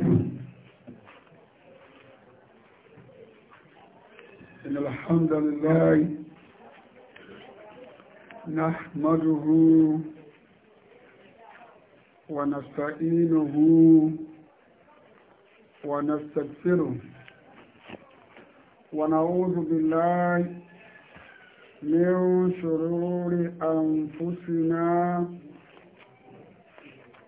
إن الحمد لله نحمده ونستعينه ونستغفره ونعوذ بالله من شرور أنفسنا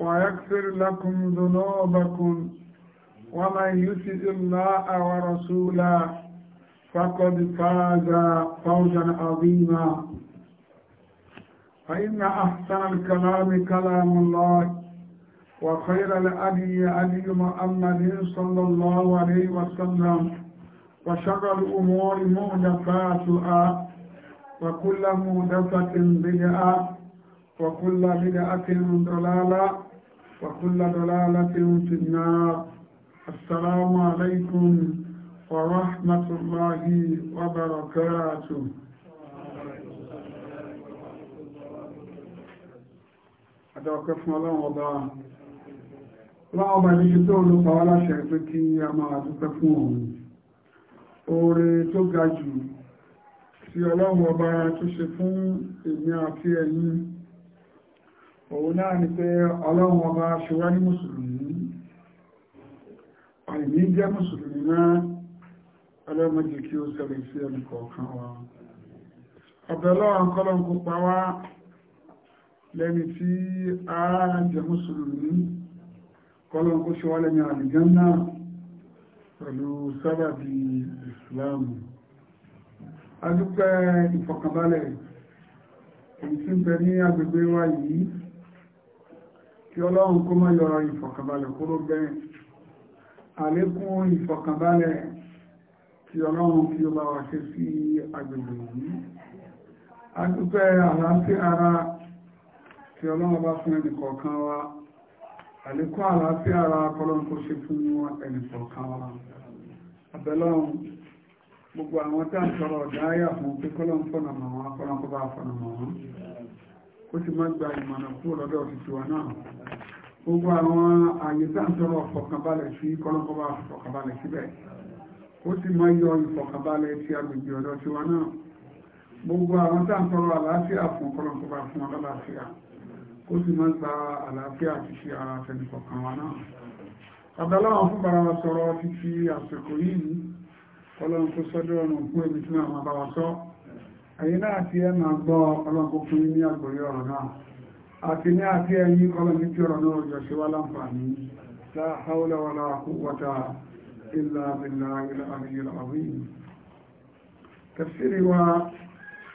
ويغفر لكم ذنوبكم ومن يطع الله ورسوله فقد فاز فوزا عظيما فإن أحسن الكلام كلام الله وخير الأبي أبي محمد صلى الله عليه وسلم وشر الأمور مهدفاتها وكل مهدفة بدعة وكل بدعة ضلالة وكل ضلالة في النار السلام عليكم ورحمة الله وبركاته Àdọ́kẹ́ fún ọlọ́run ọba. Láwọn ọba ní ṣe tó olùpa wá láṣẹ pé kí a máa dúpẹ́ fún òun. Oore tó ga jù tí ọlọ́run ọba tó ṣe fún èmi àti ẹ̀yin òun náà ni pé ọlọ́run ọba ṣúwá ní mùsùlùmí ọ̀ìní jẹ́ mùsùlùmí náà ọlọ́mọdé kí ó ṣẹlẹ̀ sí ẹnì kọ̀ọ̀kan wa ọ̀bẹ̀ lọ́wọ́n kọ́lọ́n kó pa wá lẹ́ni tí a jẹ́ mùsùlùmí kọ́lọ́n kó ṣe wá lẹ́ni àlìjẹ́ náà pẹ̀lú sábàbí ìsìláàmù adúpẹ́ ìfọ̀kànbalẹ̀ èyí tí ń bẹ ní agbègbè wa yìí kí ọlọ́run kó mọ́ yọ ìfọ̀kànbalẹ̀ kúrò bẹ́ẹ̀ àlékún ìfọ̀kànbalẹ̀ kí ọlọ́run kí ó bá wà ṣe sí agbègbè yìí adúpẹ́ àlàáfíà ara kí ọlọ́run bá fún ẹnìkọ̀ọ̀kan wa àlékún àlàáfíà ara kọlọ́run kó ṣe fún ẹnìkọ̀ọ̀kan wa abẹ́lọ́run gbogbo àwọn tá à ń sọ̀rọ̀ ọ̀dá ayà fún pé kọlọ́run fọ̀nà mọ̀ wọn kọlọ́run kó bá fọ̀nà mọ̀ wọn ó sì má gba ìmọ̀nà kúrò lọ́dọ̀ òṣìṣẹ́ náà gbogbo àwọn àyè sáǹtọ́rọ̀ fọkànbalẹ̀ sí kọ́lọ́kọ́bá fọkànbalẹ̀ síbẹ̀ ó sì má yọ ìfọkànbalẹ̀ sí agbègbè ọ̀dọ̀ tiwa náà gbogbo àwọn sáǹtọ́rọ̀ àlàáfíà fún kọ́lọ́kọ́bá fún ọlọ́láfíà ó sì má gba àlàáfíà ti ṣe ara fẹnukọ̀kan wa náà àbẹ́láwọn fún bara wa sọ̀rọ̀ títí àsìkò yìí kọ́lọ́n tó sọ́dọ̀ ọ̀nà ẹ̀yin náà ti ẹ máa gbọ́ ọlọ́pọ̀ fún ní àgbòrí ọ̀rọ̀ náà àti ní àti ẹ̀yin kọlọ̀mí tí ọ̀rọ̀ náà jọ ṣe wá láǹfààní la hawla wala quwwata illa billahil aliyyil azim tafsiri wa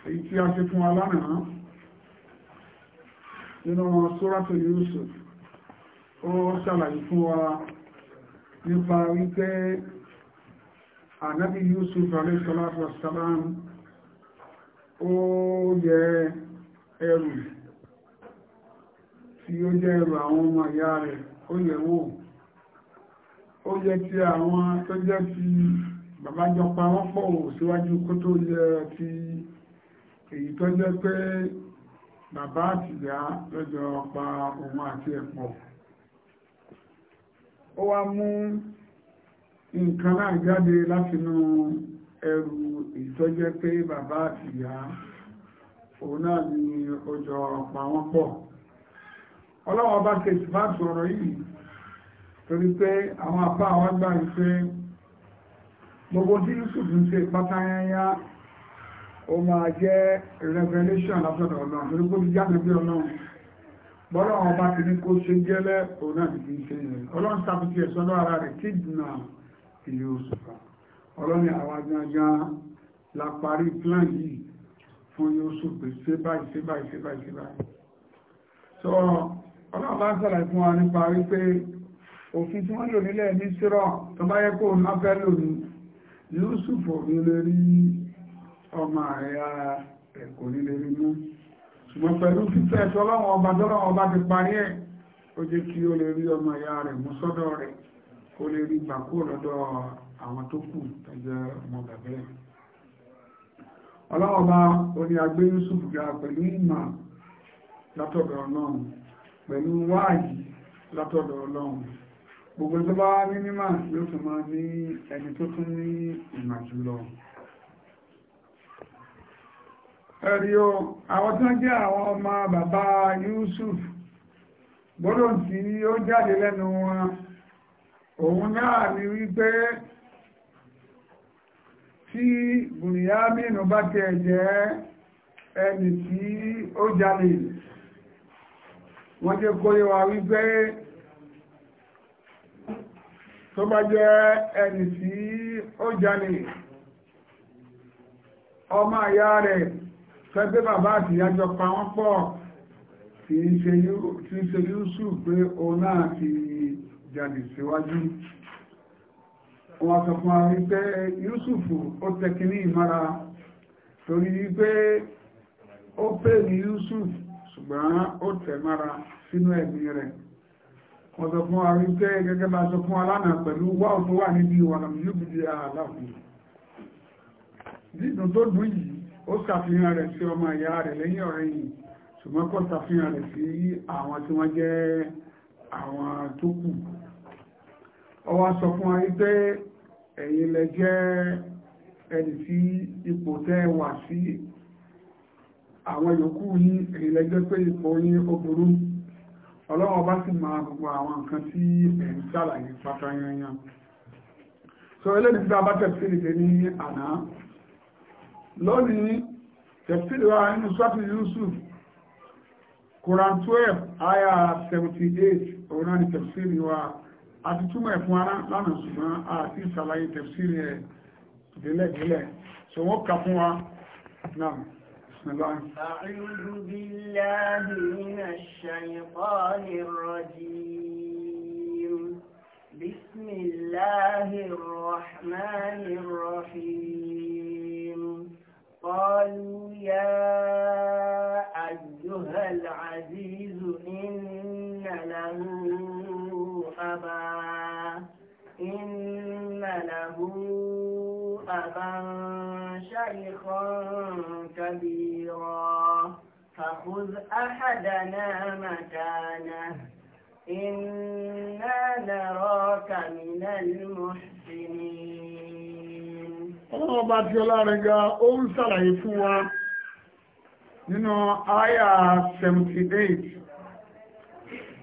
èyí tí a ṣe fún wa lánàá nínú suratu Yusuf ó ṣàlàyé fún wa nípa wípé ànábì Yusuf alayhi salatu wassalam ó yẹ ẹrù tí ó jẹ́ ẹrù àwọn ọmọ ìyá rẹ̀ ó yẹ wò ó yẹ ti àwọn tó jẹ́ ti bàbájọpa wọ́n pọ̀ síwájú kó tó yẹ ti èyí tó jẹ́ pé bàbá àtìyá lọ́jọ́ pa òun àti ẹ̀pọ̀ ó wá mú nǹkan náà jáde látinú ẹrù ìtọ́jẹ́ pé bàbá àti ìyá òun náà ni ọjọ́ ọ̀pá wọn pọ̀ ọlọ́wọ́ bá kejì bá sọ̀rọ̀ yìí torí pé àwọn apá àwọn gbà yìí pé gbogbo tí Yusuf ń ṣe pátáyáyá ó máa jẹ́ revelation látọ̀dọ̀ ọlọ́run torí pé jáde bí ọlọ́run bọ́lá wọn bá ti ní kó ṣe jẹ́lẹ́ òun náà ti fi ṣe yẹn ọlọ́run tàbí ẹ̀sọ́ lọ́wọ́ ara rẹ̀ kidnap Yusuf ọlọ́ni àwa gangan la parí plan yìí fún Yusuf pé ṣe báyìí ṣe báyìí ṣe báyìí ṣe so ọlọ́run bá sọ̀rọ̀ fún wa nípa wípé òfin tí wọ́n lò nílẹ̀ ní sírọ̀ tó bá yẹ kó má fẹ́ lò ní Yusuf òní lè rí ọmọ àyà ẹ̀kọ́ nílé rí mú ṣùgbọ́n pẹ̀lú fífẹ́ ẹ̀tọ́ ọlọ́run ọba tọ́lọ́run ọba ti parí ẹ̀ ó jẹ́ kí ó lè rí ọmọ ìyá àwọn tó kù tẹ́jẹ́ ọmọ bàbá ẹ̀ ọlọ́ọ̀bá orí agbé Yusuf ga pẹ̀lú ìmọ̀ látọ̀dọ̀ ọlọ́run pẹ̀lú wáàyí látọ̀dọ̀ ọlọ́run gbogbo tó bá ní mímọ̀ yóò tún máa ní ẹni tó tún ní ìmọ̀ jùlọ ẹ̀rí o àwọn tó jẹ́ àwọn ọmọ bàbá Yusuf gbọ́dọ̀ tí ó jáde lẹ́nu wọn òun náà ni wípé tí bùnìyàmínú bá tẹ̀ jẹ́ ẹni tí ó jalè wọ́n jẹ́ kó yé wa wípé tó bá jẹ́ ẹni tí ó jalè ọmọ àyá rẹ̀ tẹ́gbé bàbá àti ìyájọ pa wọ́n pọ̀ tí ń ṣe Yúsù pé òun náà ti jalè síwájú. Si wọ́n sọ fún àwọn Yusufu ó tẹkiní ìmára torí wípé ó pè ní Yusuf ṣùgbọ́n ó tẹ̀mára sínú ẹ̀mí rẹ̀ wọ́n sọ fún àwọn wípé gẹ́gẹ́ bá sọ fún alánà pẹ̀lú wà níbi dídùn tó dùn yìí ó ṣàfihàn rẹ̀ ọwá sọ fún wa pé ẹ̀yin lẹ jẹ́ ẹni tí ipò tẹ́ wà sí àwọn yòókù yín ẹ̀yin lẹ jẹ́ pé ipò yín ó burú ọlọ́wọ́ bá sì máa gbogbo àwọn nǹkan tí ẹ̀ ń pátá yanyan so eléyìí tí a bá tẹ̀sílì dé ní àná lónìí tẹ̀sílì wa nínú sọ́tù Yusuf Quran 12 ayah 78 òun náà ni tẹ̀sílì wa àti túmọ̀ ẹ̀fún ara lánà ṣùgbọ́n àti ìsàlàyé tẹ̀sírí ẹ̀ délẹ̀délẹ̀ so wọ́n kà fún wa náà أعوذ بالله من الشيطان الرجيم بسم الله الرحمن الرحيم قالوا يا أيها العزيز إن له أبا إن له أبا شيخا كبيرا فخذ أحدنا مكانه إنا نراك من المحسنين الله ọba tí ọlá rẹ̀ ga ó 78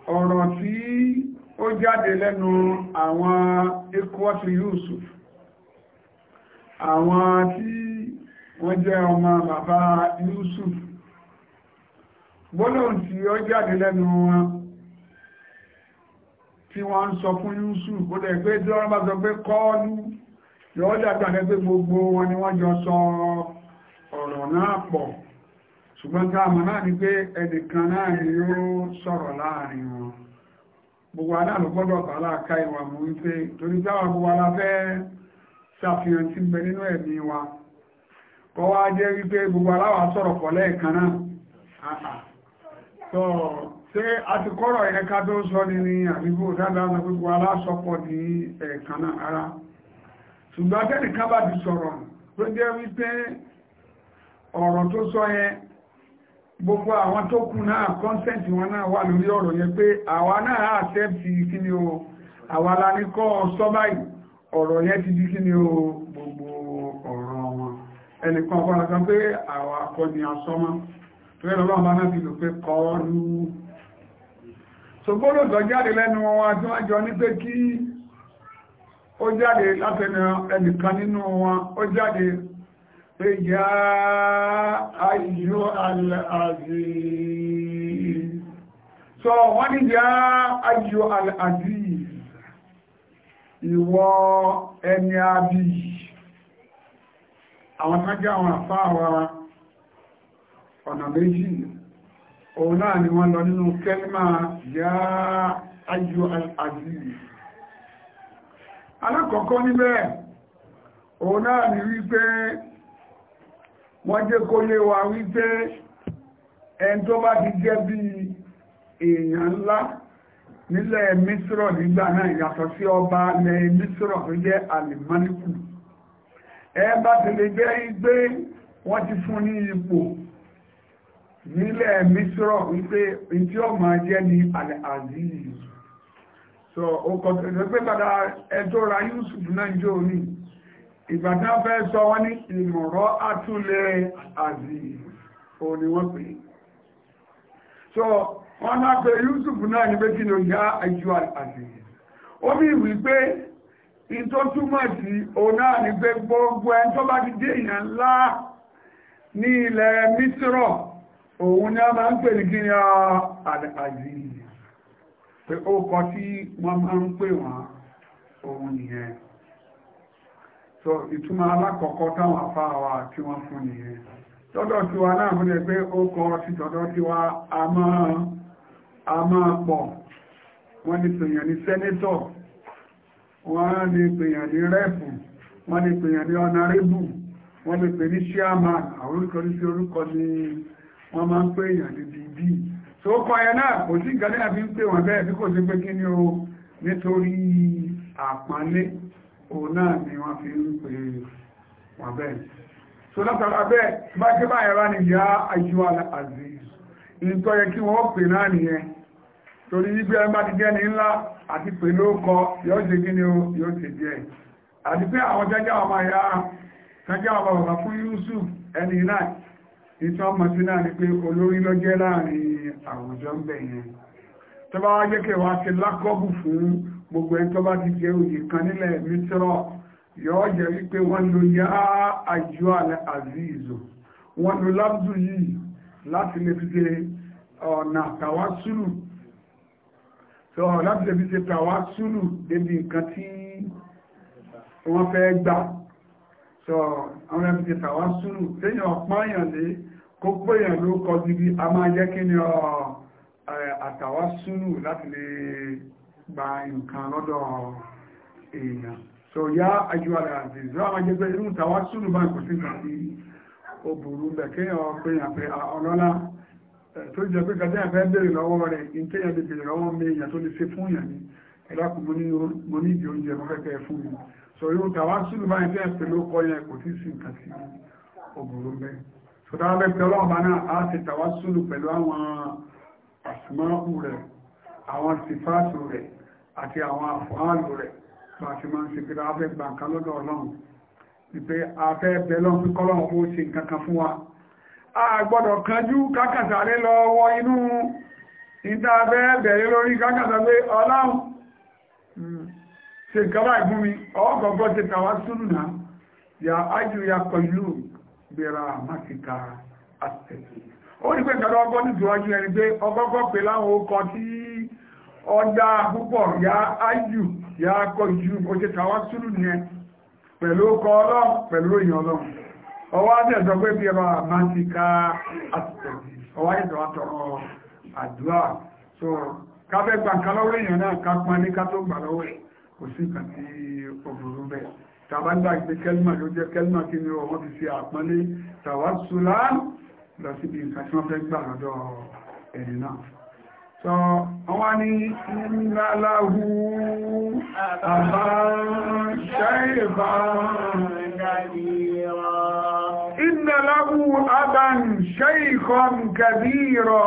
ọ̀rọ̀ tí ó jáde lẹ́nu àwọn ikwọ́tí Yusuf àwọn tí wọ́n jẹ́ ọmọ bàbá Yusuf gbólóhùn tí ó jáde lẹ́nu wọn tí wọ́n ń sọ fún Yusuf ó dẹ̀ pé tí wọ́n bá sọ pé kọ́ọ́lù yóò dàgbà ní pé gbogbo wọn ni wọ́n jọ sọ ọ̀rọ̀ náà pọ̀ ṣùgbọ́n táàmù náà ni pé ẹnìkan náà ni yóò sọ̀rọ̀ láàrin wọn gbogbo aláàlú gbọ́dọ̀ tààlà ká ìwà mú torí táwọn gbogbo ala fẹ́ ṣàfihàn tí ń bẹ nínú ẹ̀mí wa kọ́ wá jẹ́ wípé gbogbo aláwà sọ̀rọ̀ pọ̀ lẹ́ẹ̀kan náà sọ ṣé a ti kọ́rọ̀ yẹn ká tó sọ niri ni àbíbò dáadáa gbogbo gbogbo aláṣọpọ̀ ní ẹ̀ẹ̀kan náà ara ṣùgbọ́n abẹ́nìkan bá ti sọ̀rọ̀ tó jẹ́ wípé ọ̀rọ̀ tó sọ yẹn gbogbo àwọn tó kù náà consent wọn náà wà lórí ọ̀rọ̀ yẹn pé àwa náà accept kí ni o àwa la ní kọ́ sọ báyìí ọ̀rọ̀ yẹn ti di kí ni o gbogbo ọ̀rọ̀ wọn ẹnìkan fọ́nà kan pé àwa kọ́ ni asọ́mọ́ tó yẹ lọ́wọ́ bá náà lò pé kọ́ lú ṣògbọ́n lòtọ́ jáde lẹ́nu wọn wá tí wọ́n jọ ní pé kí ó jáde látẹnu ẹnìkan nínú wọn ó jáde pé yá ayò al-aziz so wọ́n ni yá ayò al-aziz ìwọ ẹni àbí àwọn tájá àwọn àfáàwà ọ̀nà méjì òun náà ni wọ́n lọ nínú kẹ́lìmà yá ayò al-aziz alákọ̀ọ́kọ́ níbẹ̀ òun náà ni wípé wọ́n jẹ́ kó yé wa wípé ẹn tó bá ti jẹ́ bí èèyàn ńlá nílẹ̀ mísírọ̀ nígbà náà yàtọ̀ sí ọba ilẹ̀ mísírọ̀ tó jẹ́ alimọ́nìkù ẹ bá ti lè jẹ́ gbé wọ́n ti fún ní ipò nílẹ̀ mísírọ̀ wípé tí ó máa jẹ́ ní alẹ́ aziz so ó kọ́ pé padà ẹ ra Yusuf náà jò ní ìgbàtà fẹ́ sọ wọ́n ní ìmọ̀rọ̀ átúlẹ̀ àzìz o ni wọ́n pè so wọ́n náà pé Yusuf náà ní pé kí ni ó yá ó wípé in tó túmọ̀ sí o náà ní pé gbogbo ẹn tó bá ti dé ńlá ní ilẹ̀ òun ni a máa ń pè ní kí ni pé ó kọ máa ń pè so ituma alakọkọ táwọn afa wa tí wọ́n fún nìyẹn tọ́dọ̀ tí wa náà múlẹ̀ pé ó kọ́ sí tọ́dọ̀ tí wa a máa pọ wọn ni pèèyàn ní sẹ́nẹ́tọ̀ wọ́n ni pèèyàn ní rẹ́ẹ̀pù wọn ni pèèyàn ní ọ̀nàrẹ́bù wọn ni pè ní wọ́n máa ń pè èèyàn ní tó kọ ẹ náà kò sí àfi ń pè bí kò sí pé kí ni o nítorí àpánlé òun náà ni wọ́n fi ń pè wọ́n bẹ́ẹ̀ so látara bẹ́ẹ̀ bá jẹ́ báyẹ̀ bá ní ìyá naanị àzí ìtọ́ yẹ kí wọ́n pè náà nìyẹn torí wípé ẹ bá ti ńlá àti pè yóò ṣe kí ni yóò ṣe àti pé àwọn jẹ́jẹ́ jẹ́jẹ́ bàbá fún Yusuf ẹni náà ìtọ́ ọmọ sí náà ni pé olórí gbogbo ẹni tó bá ti jẹ òye kan nílẹ̀ mísírọ̀ yóò jẹ́ wípé wọ́n lo yá àjọ alẹ́ àzíìzò wọ́n lo lábùdù yìí láti lè fi ṣe ọ̀nà tàwa sùlù so láti lè fi ṣe tàwa sùlù débi nǹkan tí wọ́n fẹ́ gbà so àwọn ẹbí ṣe tàwa sùlù lẹ́yìn ọ̀páyàn lé kó péyàn ló kọjú bí a máa jẹ́ kí ni àtàwa sùlù láti lè gba nǹkan lọ́dọ̀ èèyàn so yá ayúwàlá àti ìzọ́mà jẹ́gbẹ́ inú tàwà súnú bá kò sí ìgbàtí ó burú bẹ̀kẹ́ ọ̀pẹ̀yàn pé ọlọ́lá tó jẹ́ pé kàtẹ́ àfẹ́ bèèrè lọ́wọ́ rẹ̀ ìtẹ́yàn lè bèèrè lọ́wọ́ méèyàn tó lè ṣe fún yàn ní ẹ̀dàkùn so inú tàwà súnú bá ìfẹ́ pé ló kọ́ so táwọn bẹ́ẹ̀ pé ọlọ́ọ̀bá náà á ṣe tàwà súnú pẹ̀lú àwọn àsùnmọ́ rẹ̀ àwọn sífáàtù rẹ̀ àti àwọn àfọ́àlù rẹ̀ tó àti máa ń ṣe pé afẹ́ gbà lọ́dọ̀ ọlọ́run wípé afẹ́ bẹ lọ́n fi kọ́lọ́run fún wa a gbọ́dọ̀ kanjú kákàtàrí lọ wọ inú bẹ̀rẹ̀ lórí ọlọ́run hmm, ya ájú ya pẹ̀lú gbéra ó ní pé ọ̀dá púpọ̀ ya ayù ya kọjú o ṣe tàwá túrù nìyẹn pẹ̀lú ọkọ ọlọ́run pẹ̀lú òyìn ọlọ́run ọwọ́ adé ẹ̀sọ́ pé bí ẹba máa ti ká àtìtẹ̀sí ọwọ́ adé ẹ̀sọ́ àtọ̀rọ̀ àdúrà so káfẹ́ gba nǹkan lọ́wọ́ èèyàn náà ká pọn ní ká tó gbà lọ́wọ́ ẹ̀ kò sí nǹkan tí òbúrú bẹ́ẹ̀ tàbá gbà gbé kẹ́lìmà ló jẹ́ kẹ́lìmà kí ni wọ́n ti fi àpọ́nlé tàwá sùlá sọ wọ́n ní ìlàláhù àbáṣẹ́ ìbá ìlàláhù àbáṣẹ́ ìkan kẹbíìrọ̀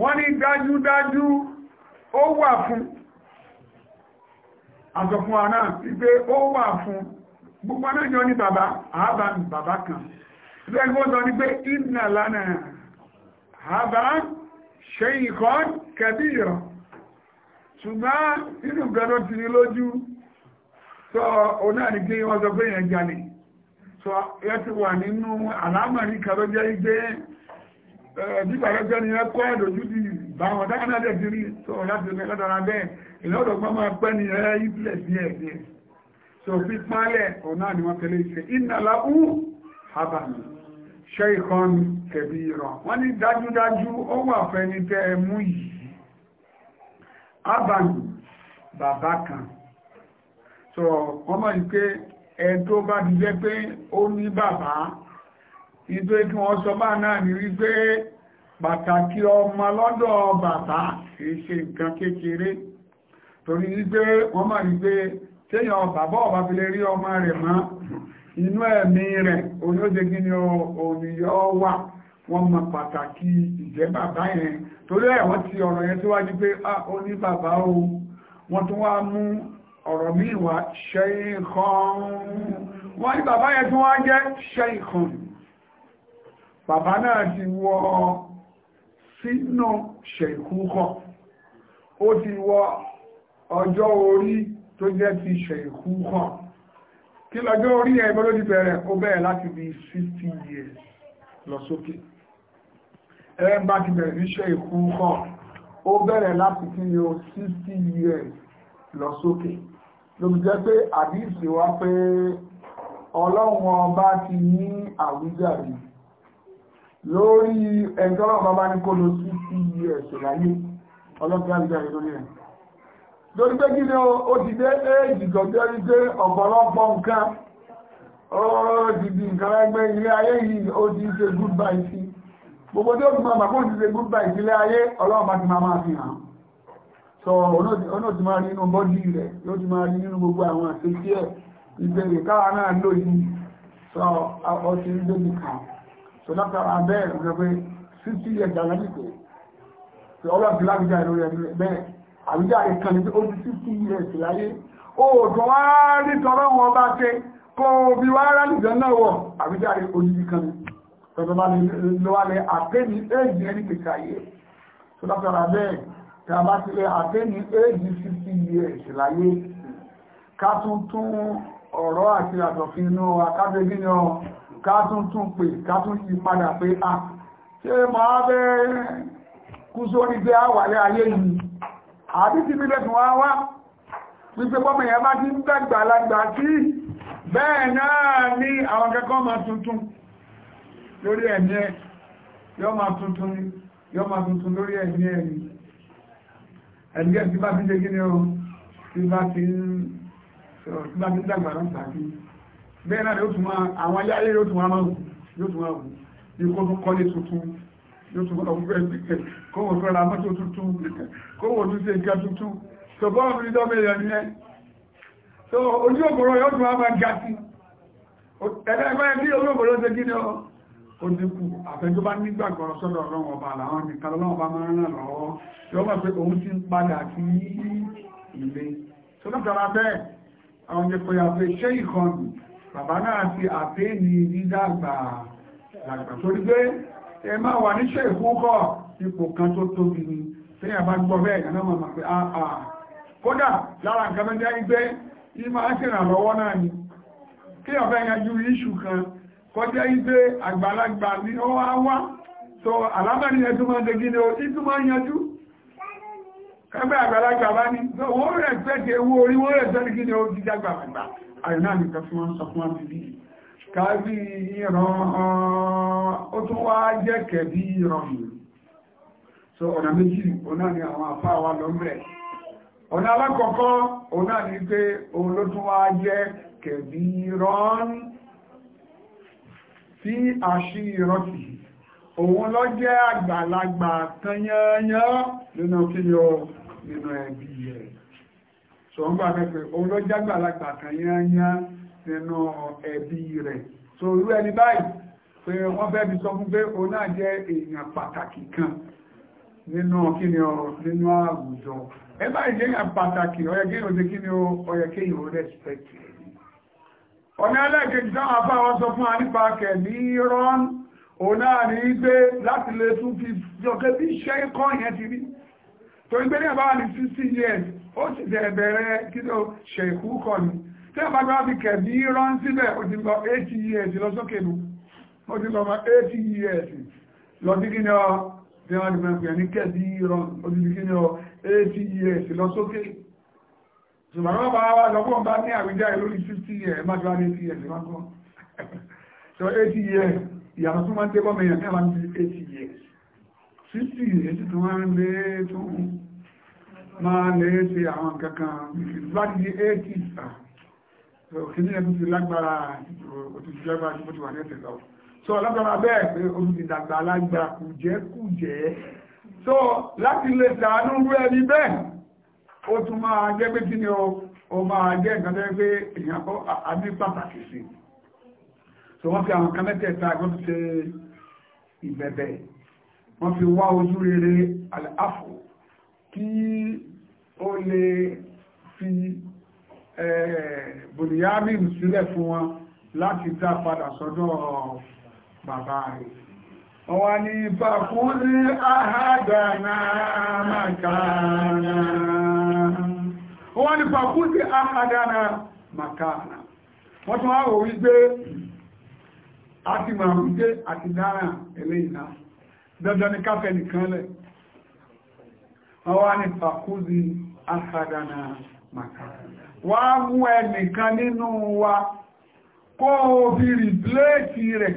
wọ́n ní dájúdájú ó wà fún àjọ̀fún àná wípé ó wà fún gbogbo anájọ́ ní bàbá àbá bàbá kan lẹ́gbọ́n sọ ní pé ìdínà lánàá àbá ṣe ìkọ́ kẹbí ìrọ̀ ṣùgbọ́n inú gẹ́rọ ti ní lójú sọ onáàrí kí wọ́n sọ pé yẹn jalè sọ yẹ ti wà nínú àlámàrí kẹrọ jẹ́ igbe bíbàrẹ́jẹ́ ni ẹ kọ́ ẹ̀dọ̀jú di báwọn dákànádẹ̀ ti rí sọ láti rẹ̀ lọ́dọ̀ra bẹ́ẹ̀ ìlọ́dọ̀ gbọ́n máa pẹ́ ni ẹ ìpìlẹ̀ sí ẹ̀ sí ẹ̀ sọ fi pálẹ̀ ọ̀nà wọ́n tẹ̀lé ìṣe ìnàlá ú àbàmì ṣe ìkọ́ni kẹbíra wọ́n ní dájúdájú ó wà fẹ́ni tẹ́ ẹ yìí abàmì bàbá kan so wọ́n mọ̀ ní pé ẹ tó bá ti jẹ́ pé ó ní bàbá nítorí kí wọ́n sọ bá náà ní wípé pàtàkì ọmọ lọ́dọ̀ bàbá kìí ṣe nǹkan kékeré torí wípé wọ́n mọ̀ ní pé téèyàn bàbá ọ̀bá fi lè rí ọmọ rẹ̀ mọ́ inú ẹ̀mí rẹ̀ oníṣègùn ni òníyọ́ wà wọ́n mọ pàtàkì ìjẹ́ bàbá yẹn torí ẹ̀ wọ́n ti ọ̀rọ̀ yẹn síwájú pé a ó ní bàbá o wọ́n tún wá mú ọ̀rọ̀ míì wá ṣẹ́yìnkan wọ́n ní bàbá yẹn tún wá jẹ́ ṣẹ́yìnkan bàbá náà ti wọ sínú ṣẹ̀kúkọ̀ ó ti wọ ọjọ́ orí tó jẹ́ ti ṣẹ̀kúkọ̀ kí lọ́jọ́ orí ẹ̀ bọ́lódì bẹ̀rẹ̀ ó bẹ̀rẹ̀ láti bí 60 years lọ sókè. Okay ẹ bá ti bẹ̀rẹ̀ níṣẹ́ ìkú kọ́ ó bẹ̀rẹ̀ láti kí ni o sixty years lọ sókè lóbi jẹ́ pé àdíìsì wá pé ọlọ́run ọba ti ní àwíjàre lórí ẹjọ́ ọlọ́run ọba ní kó lo sixty years láyé ọlọ́run àwíjàre lórí ẹ̀ lórí pé kí ni ó ti dé éèjì gọ̀jọ́ rí pé ọ̀pọ̀lọpọ̀ nǹkan ó ti di nǹkan ẹgbẹ́ ilé ayé yìí ó ti ṣe goodbye sí gbogbo tí ó ti máa bà fún ìsinmi gúgbà ìsinlẹ̀ ayé ọlọ́run bá ti máa máa fi hàn sọ ọ̀nà ti máa rí inú bọ́dí rẹ̀ yóò ti máa rí nínú gbogbo àwọn àṣẹ́sí ẹ̀ ìbẹ̀rẹ̀ káwa náà lò yìí sọ ọtí ń débi kan sọ látara bẹ́ẹ̀ rẹ̀ pé sísí ẹ̀ dàgbà nìkò tí ọlọ́run ti lábíjà ìlú rẹ̀ bẹ́ẹ̀ àbíjà ìkan ní tọ́lọ́bá lọ́wọ́lẹ̀ àtẹ́ni éjì ẹni kìkà yìí tó lọ́pẹ̀lá bẹ́ẹ̀ tí a bá ti lẹ́ àtẹ́ni éjì 50 years láyé ká tún tún ọ̀rọ̀ àti àtọ̀fin inú akábẹ́gíyàn ká tún tún pè ká tún yí padà pé a ṣe máa bẹ́ kú sórí pé a wà lé ayé yìí àti ti bílẹ̀ tún lórí ẹ̀mí ẹ̀ yọ́ máa tuntun ni yọ́ máa tuntun lórí ẹ̀mí ẹ̀ ni ẹ̀mí ẹ̀ tí bá fi jẹ́ kí ní o tí bá fi ń dàgbà náà tàbí bẹ́ẹ̀ náà yóò tún máa àwọn ayé yóò tún máa wù yóò tún máa wù ní kó tún kọ́lé tuntun yóò tún máa wù ẹ̀ kó wò tún mọ́tò tuntun kó wò tún ṣe tuntun ojú òkúrò yóò tún máa ga sí ẹ̀ẹ́dẹ́gbẹ́ bí olóògbòrò ṣe kí ni o ó dínkù àfẹ́jọ́ bá nígbàgbọ́ sọ́dọ̀ ọlọ́run ọba làwọn nìkan ọlọ́run bá máa ń ràn lọ́wọ́ tí ó mọ̀ pé òun ti ń padà sí ilé tó lọ́tara bẹ́ẹ̀ àwọn jẹ́kọ̀ọ́yà pé ṣé ìkọlù bàbá náà ti àfẹ́ ní dídàgbà làgbà torí pé ẹ máa wà ní ṣe ìkúkọ̀ ipò kan tó tóbi ni tẹ́yà bá gbọ́ bẹ́ẹ̀ yẹn náà mọ̀ pé àà ah, ah. kódà lára nǹkan mẹ́jẹ́ gbé ìmọ̀ á ṣèrànlọ́wọ́ náà ni kí ọ̀fẹ́ yanjú iṣu kan kọjá ìgbé àgbàlagbà ní ó wá wá so alábẹ̀ni ẹ̀ tó máa dé gíní o títún máa yanjú kẹgbẹ́ àgbàlagbà bá ní wọ́n rẹ̀ pẹ́kẹ̀ owó orí wọ́n rẹ̀ pẹ́kẹ̀ gíní o jíjá gbàgbà àrínà ó tún so ọ̀nà méjì ọ̀nà ni àwọn àfá wa lọ́mọ̀rẹ̀ ọ̀nà alákọ̀ọ́kọ́ ọ̀nà ni pé òun ló tún wá jẹ́ kẹ̀bí ìran sí àṣírọ́tì òun lọ jẹ́ àgbàlagbà tanyanya nínú kíyọ nínú ẹbí rẹ̀ so ń gbà mẹ́fẹ́ òun lọ jẹ́ àgbàlagbà tanyanya nínú ẹbí rẹ̀ so irú ẹni báyìí pé wọ́n fẹ́ bí sọ fún pé òun náà jẹ́ èèyàn pàtàkì kan nínú kíni ọ̀rọ̀ nínú àwùjọ ẹ báyìí jẹ́ èèyàn pàtàkì ó yẹ kéèyàn ó ọ̀nà ẹlẹ́gẹ̀ẹ́jì táwọn afá wọn sọ fún wa nípa kẹ̀mí rán òun náà ní gbé láti lè tún fi jọkẹ́ bí iṣẹ́ ikọ́ yẹn ti rí torí pé ní ẹ̀bá ní 60 years ó sì bẹ̀rẹ̀ bẹ̀rẹ̀ kí ló ṣe ìkú kọ ni tí ẹ̀bá gbá fi kẹ̀mí rán síbẹ̀ ó ti lọ 80 years lọ sókè nu ó ti lọ 80 years lọ sí kí ni ọ bí wọ́n ti fẹ́ pè ní rán ó ti di kí ni ọ 80 years lọ sókè nu ṣùgbọ́n bá wá lọ́gbọ́n bá ní àwíjá ìlórí 50 years má jọ 80 years wọ́n kọ́ so 80 years ìyàtọ̀ tó máa ń tẹ́kọ́ mẹ́yàn náà ní 80 years 50 years tó máa ń lé tó máa lé ṣe àwọn kankan láti di 80 so kí ní ẹbí ti lágbára òtútù lágbára tó ti wà ní ẹ̀sẹ̀ lọ so lágbára bẹ́ẹ̀ pé oṣù ti dàgbà lágbára kùjẹ́kùjẹ́ so láti lè sàánú rú ẹni bẹ́ẹ̀ ó tún máa jẹ́ pé kí ni ó máa jẹ́ nǹkan tó yẹ pé èèyàn kọ́ àbí pàtàkì sí so wọ́n fi àwọn kan mẹ́tẹ̀ẹ̀ta wọ́n ti ṣe ìbẹ̀bẹ̀ wọ́n fi wá ojú rere àfò kí ó lè fi bùnìyàmì sílẹ̀ fún wọn láti dá padà sọ́dọ̀ bàbá rẹ̀ wọ́n ní fàkúrí àhádàna makana wọ́n ní fàkúrí àhádàna makana wọ́n tún wá rò wípé àti màrúdé àti dára eléyìnà dandan ní káfẹ́ nìkan lẹ̀ wọ́n ní fàkúrí àhádàna makana wọ́n mú ẹnìkan nínú wa kó o fi rìpléètì rẹ̀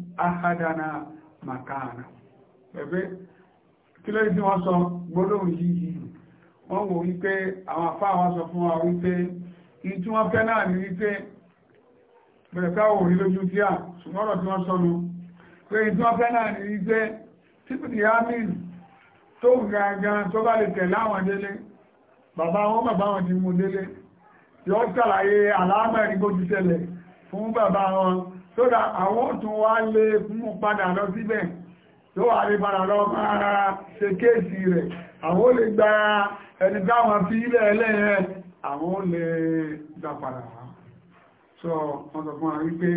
ahadana makana ẹgbẹ́ kí lórí tí wọ́n sọ gbólóhùn yìí wọ́n wò wípé àwọn afá wọn sọ fún wa wípé in tí wọ́n fẹ́ náà ní wípé bẹ̀rẹ̀ káwò rí lójú tí à ṣùgbọ́n ọ̀rọ̀ tí wọ́n sọ nu pé in tí wọ́n fẹ́ náà ní wípé típìtì amin tó gangan tó bá lè tẹ̀lé àwọn délé bàbá wọn bàbá wọn ti mú délé yóò ṣàlàyé àlàámẹ̀rí bójú tẹ̀lẹ̀ fún bàbá wọn so that àwọn tún wá lè mú padà lọ síbẹ̀ tó wà lè padà lọ máa ṣe kéèsì rẹ̀ àwọn lè gba ẹni táwọn fi ilẹ̀ ẹlẹ́yẹ àwọn lè gbà padà wá so wọ́n sọ fún wa wípé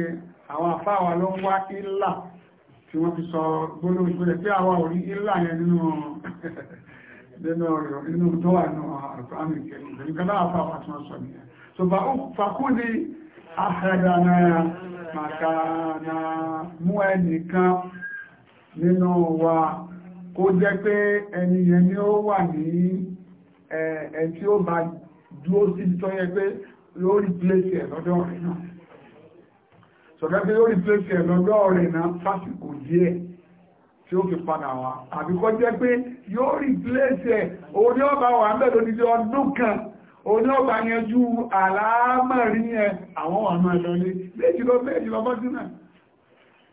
àwọn afáwà ló ń wá ilà tí wọ́n fi sọ gbólóhùn ìpínlẹ̀ pé àwọn orí ilà yẹn nínú nínú ọ̀rọ̀ inú tó wà ní àrùkánì kẹrìnkẹrìnkẹrìn láàfà wà tí wọ́n màkàánà mú ẹnìkan nínú wa kó jẹ́ pé ẹni ni ó wà ní ẹ̀ tí ó bá dúó síbi tó yẹ pé lórí pléṣì ẹ̀ lọ́dọ̀ rẹ̀ náà sọ̀dọ̀ pé lórí pléṣì ẹ̀ lọ́dọ̀ rẹ̀ náà fásìkò díẹ̀ tí ó fi padà wá àbíkọ́ jẹ́ pé yóò rí pléṣì orí ọba wà ń bẹ̀ lónìí ọdún kan oníọ̀bá yanjú àlàámọ̀rí ẹ àwọn ọmọ ìlọlé méjì lọ méjì lọ bọ́sí náà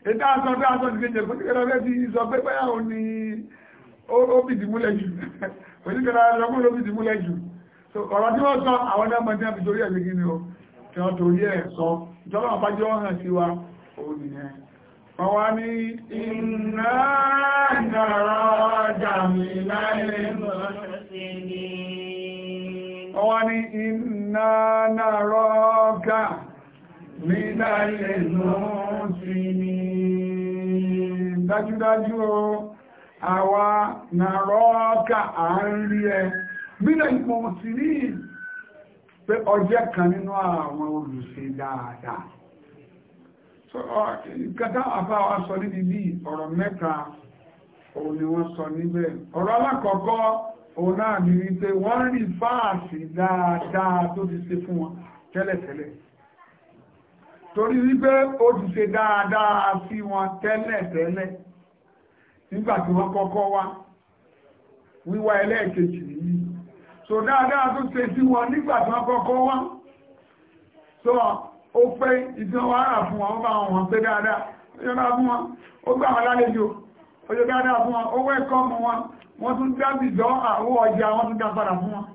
ètà àṣọ bí àṣọ ìgbẹ́jẹ̀ pẹ̀lúkẹ́lá bẹ́ẹ̀ ti sọ pé báyà ò ní óbìdì múlẹ̀ jù pẹ̀lúkẹ́lá lọ́gbọ́n lóbìdì múlẹ̀ jù ọ̀rọ̀ tí wọ́n sọ àwọn ọmọ tí wọ́n fi torí ẹ̀ lẹ́gbẹ̀ẹ́ ni ó tí wọ́n torí ẹ̀ wọ́n ní iná náà rọ́ọ̀gá nílẹ̀ ni o sí ní pé ọjẹ́ kan nínú àwọn olùṣe dáadáa kẹta sọ níbi bí ọ̀rọ̀ mẹ́ta òun ni wọ́n sọ níbẹ̀ ọ̀rọ̀ alákọ̀ọ́kọ́ òun náà ní wípé wọ́n rí fáàsì dáadáa tó ti ṣe fún wọn tẹ́lẹ̀tẹ́lẹ̀ torí wípé ó ti ṣe dáadáa sí wọn tẹ́lẹ̀tẹ́lẹ̀ nígbàtí wọ́n kọ́kọ́ wá wíwá ẹlẹ́ẹ̀kejì yìí so dáadáa tó ṣe sí wọn nígbàtí wọ́n kọ́kọ́ wá so ó pé ìdí wọn wá rà fún wọn ó bá wọn pé dáadáa ó yọra fún wọn ó gbà wọn lálejò oye dáadáa fún wọn owó ẹ̀kọ́ mọ́ wọn wọ́n tún dábì lọ àwọ́ ọjà wọ́n tún dápadà fún wọn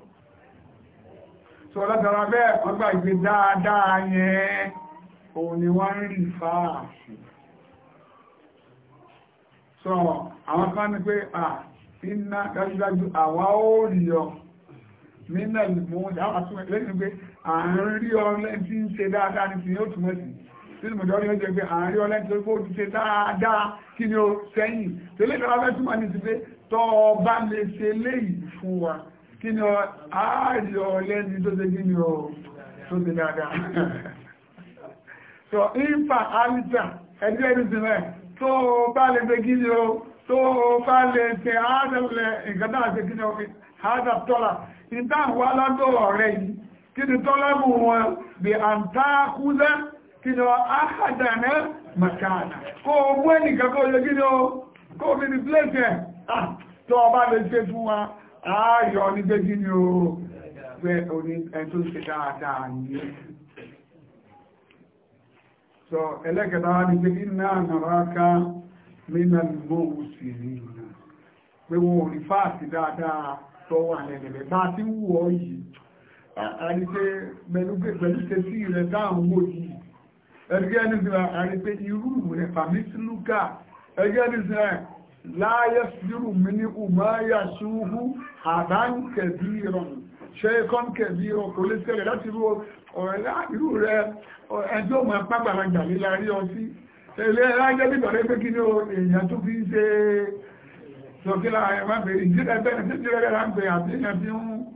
so ọlọ́tara bẹ́ẹ̀ wọ́n gbà ìgbé dáadáa yẹn òun ni wọ́n ń rí fáàsì so àwọn kan ní pé à iná dájúdájú àwa ó rí ọ nínà ìmú lẹ́yìn pé à ń rí ọ lẹ́yìn tí ń ṣe dáadáa ní ti ní ó túnmọ̀ sí tí mo dọ́rí oúnjẹ pé àárín ọlẹ́ tó kó ti ṣe dáadáa kí ni ó sẹ́yìn tó lè tọ́lá fẹ́ túmọ̀ ní ti pé tọ́ ọba lè ṣe léyìí fún wa kí ni àárín ọlẹ́ ní tó ṣe kí ni ó tó ṣe dáadáa so ipa alita ẹgbẹ́ ẹni ti rẹ̀ tó bá lè ṣe kí ni ó tó bá lè ṣe àádọ́lẹ̀ nǹkan kí ni ó àádọ́tọ́lá ìdáhùn aládọ́ ọ̀rẹ́ yìí kí ni tọ́lá mú wọn bí àǹtákúzẹ́ kí lọ áhàdànà makana kó mú ẹnìkan kó lè gílò kó fi ní pléṣẹ̀ ah, tó ọba lè ṣe fún wa ààyọ ní gbéjì ni ó rẹ̀ oní ẹ̀tún ṣe dáadáa ní so ẹlẹ́kẹta wá ní pé iná nàráká mínà lóòwò sí ní ìrìnà pé wọn ò rí fáàsì dáadáa tó wà lẹ́lẹ̀lẹ̀ bá ti wù ọ yìí àti pé pẹ̀lú tẹ́sí rẹ̀ dáhùn mọ́ yìí ẹgbẹ́ ní sinmi àárín pé irú rẹ̀ fàmí sílúkà ẹgbẹ́ ní sinmi láyé sírù mi ní umáyà ṣúhú àbáǹkẹ̀bí ìrọ̀n ṣe kọ́ǹkẹ̀bí ìrọ̀n kò lè ṣẹlẹ̀ láti irú irú rẹ̀ ẹjọ́ mọ̀ pàgbàlagbà lè lárí ọtí ilé ẹlájẹ́ nígbàrẹ́ pé kí ní èèyàn tó fi ń ṣe sọ̀kílà ẹ̀mọ́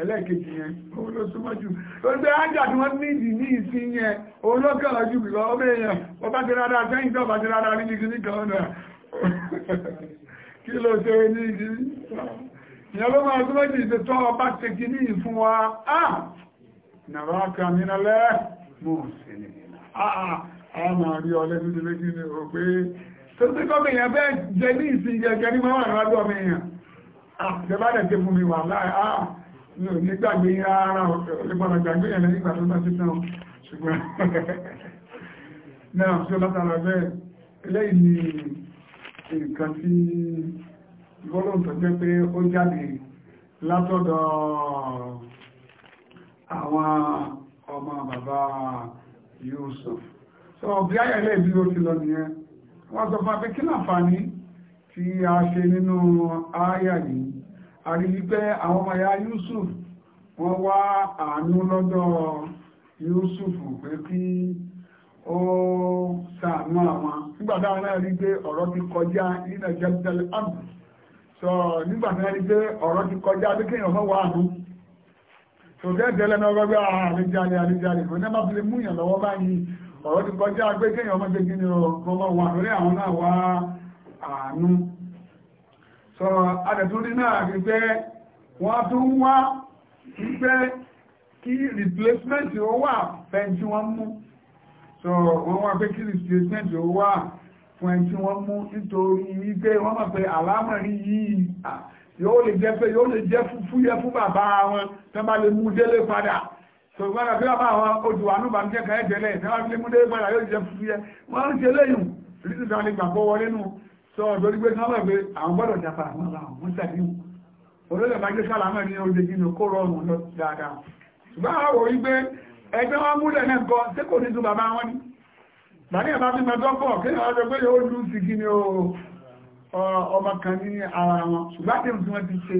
ẹlẹ́ẹ̀kejì yẹn òun ló súnmọ́ jù lórípé ájá tí wọ́n ní ìdí ní ìsìn yẹn òun ló kọ̀rọ̀ jù lọ ọmọ èèyàn ọba ti rárá sẹ́yìn tó ọba ti rárá ní ìdí ní kọ̀ọ̀nà kí ló ṣe ní ìdí ìyẹn ló máa súnmọ́ jù ìṣe tó ọba ti kí ní ìfún wa áà nàrà kàmínálẹ́ mú sí ni àà àà máa rí ọlẹ́ nínú méjì ní o pé tó sí kọ́mọ èèyàn bẹ́ẹ̀ jẹ ní ìsìn gẹ̀gẹ́ ní mọ́wàá níwájú ọmọ èèyàn àà jẹ bá dẹ̀ ṣe fún mi wà láì áà mi ò ní gbàgbé ara ọ̀lẹ́gbọ̀nà gbàgbé yẹn lẹ́yìn ìgbà tó bá ti tán ṣùgbọ́n náà tí ó látara bẹ́ẹ̀ lẹ́yìn ni nǹkan tí gbọ́lọ́n tó jẹ́ pé ó jáde látọ̀dọ̀ àwọn ọmọ bàbá Yusuf so bí ayẹ̀lẹ́ ìbí ó ti lọ nìyẹn wọ́n sọ fún apẹ́kí láǹfààní tí a ṣe nínú ááyà yìí àrí wípé àwọn ọmọ ya Yusuf wọ́n wá àánú lọ́dọ̀ Yusuf pé kí ó sàánú àwọn nígbàtá wọn náà rí pé ọ̀rọ̀ ti kọjá nínú jẹ́bẹ̀tẹ̀lẹ̀ ààbù sọ nígbàtá wọn rí pé ọ̀rọ̀ ti kọjá bí kéèyàn fọ́ wà áhùn tó dẹ́ẹ̀dẹ́lẹ́ náà gbọ́gbẹ́ àríjáde ah, àríjáde kò ní má fi lè mú yàn lọ́wọ́ báyìí ọ̀rọ̀ ti kọjá pé kéèyàn ọmọ ni sọ adẹ̀túndí náà rí pé wọ́n tún wá wípé kí replacement ó wà fẹ́ntí wọ́n mú so wọ́n wá pé kí replacement ó wà fún ẹni tí wọ́n mú nítorí wípé wọ́n mọ̀ pé àlámọ̀rí yìí yóò lè jẹ́ pé yóò lè jẹ́ fúyẹ́ fún bàbá wọn tó bá lè mú délé padà so gbọ́dọ̀ bí bàbá wọn ojú àánú bá ń jẹ́ kan ẹ̀jẹ̀ lẹ̀ tó bá lè mú délé padà yóò jẹ́ fúyẹ́ wọ́n ń ṣe léyìn rí sọ ọ̀dọ́rí pé sọ́mọ̀ pé àwọn gbọ́dọ̀ jàpá àwọn ọ̀rọ̀ àwọn tàbí olóòlẹ̀ máa jẹ́ sálàmà ní oúnjẹ gínú kó rọrùn lọ dáadáa ṣùgbọ́n àwọ̀ wípé ẹgbẹ́ wọn múlẹ̀ náà kọ́ tí kò ní ju bàbá wọn ní bàbá ẹ̀bá fi máa dọ́pọ̀ kí wọ́n sọ pé yóò lù sí gíní ọmọ kan ní ara wọn ṣùgbọ́n tí wọ́n ti ṣe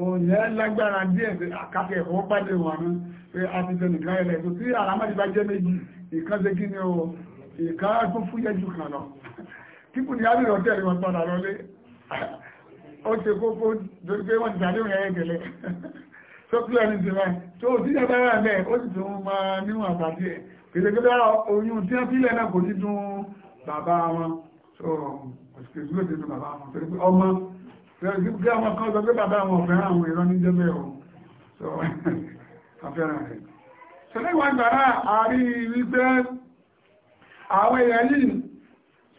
òyìn lágbára díẹ̀ sí àkàtẹ̀ ìfọwọ́ pàdé wọn ní pé a ti tẹnu ìkan ẹlẹ́ tó sí àlámọ́dé bá jẹ́ méjì ìkan ṣe gíní ìkan tó fúyẹ́ jù kan lọ kíkù ní àbìrọ̀ tẹ́lẹ̀ wọn padà lọlé ó ṣe kókó torí pé wọ́n ti tàbí òun ẹ̀yẹ́ tẹ̀lẹ̀ tó kílẹ̀ ní ti máa tó sí ẹgbẹ́ rẹ̀ bẹ́ẹ̀ ó sì tún máa níwọ̀n àpàtì ẹ̀ kìí ṣe pé oyún tí wọ́n fílẹ̀ náà kò ní dún bàbá wọn tó òṣìṣẹ́ ìlú òṣèlú bàbá wọn ọmọ àwọn èèyàn yìí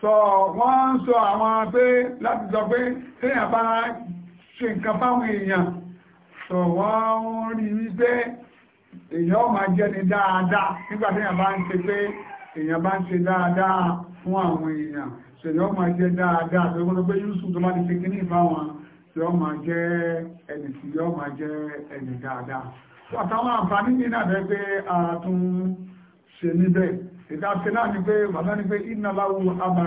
sọ wọ́n ń sọ àwọn pé láti sọ pé téèyàn bá ṣe nǹkan fáwọn èèyàn sọ wọ́n rí wípé èèyàn máa jẹ́ ni dáadáa nígbà téèyàn bá ń ṣe pé èèyàn bá ń ṣe dáadáa fún àwọn èèyàn sọ èèyàn máa jẹ́ dáadáa tó gbọ́dọ̀ pé yusuf tó bá ti ṣe kíní ìfáwọn yọ máa jẹ́ ẹni tí yọ máa jẹ́ ẹni dáadáa. àtàwọn àǹfààní yìí náà fẹ́ pé a tún ṣe níbẹ̀ ìdáṣe náà ni pé bàbá ni pé ìnáláwó àbá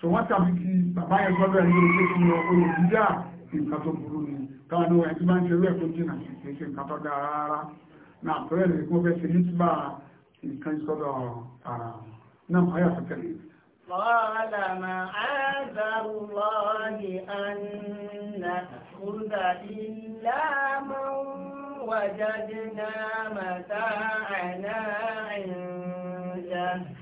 so wọ́n tàbí kí bàbá yẹn gbọ́dọ̀ ẹni ojú fún lọ olùdíjà nǹkan tó burú ni káwọn ẹni máa ń ṣerú ẹ̀kọ́ jìnà kìí ṣe nǹkan tó dára rárá náà tó rẹ̀ lè kó fẹ́ ṣe nígbà nǹkan ìsọ́dọ̀ ara náà ayà tó tẹ̀lé قال معاذ الله أن نأخذ إلا من وجدنا متاعنا عند ضلالة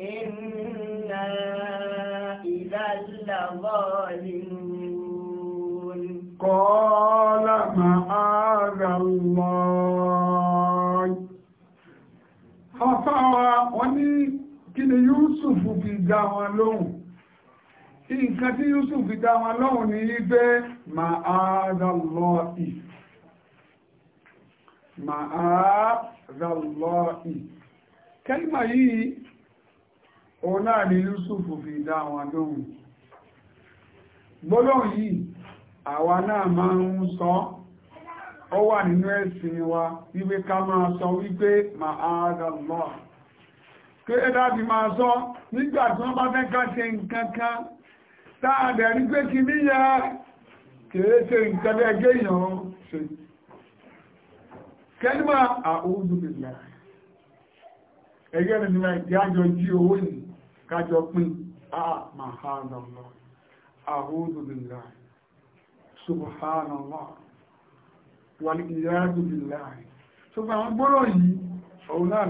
إنا إذا لظالمون قال معاذ الله Afáwa wọ́n ní kí ni Yusuf fi dá wọn lóhùn. Nǹkan tí Yusuf fi dá wọn lóhùn ní ibẹ́ ma'áàdàlọ́ì. Ma'áàdàlọ́ì. kẹ́lìmà yìí òun náà ni Yusuf fi dá àwọn yìí àwa sọ ó wà nínú ẹ̀sìn wa wípé sọ wípé máa sọ nígbà tí wọ́n bá fẹ́ ká ṣe nǹkan kan táàdẹ̀ rí pé kí ní yẹ kìí ṣe nǹkan bẹ́ẹ̀ ṣe ẹgbẹ́ rẹ̀ nígbà ìdí àjọ jí owó ní kájọ pín àmàhánàlá àhúdùbìlá subhanallah wà ní ìyájúbìlá tó bá wọn gbọ́rọ̀ yìí òun náà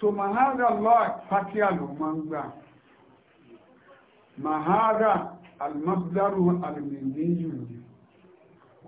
so mahanallah pàtí àlọ́ máa ń gbà mahara almasdaru almeniyu ni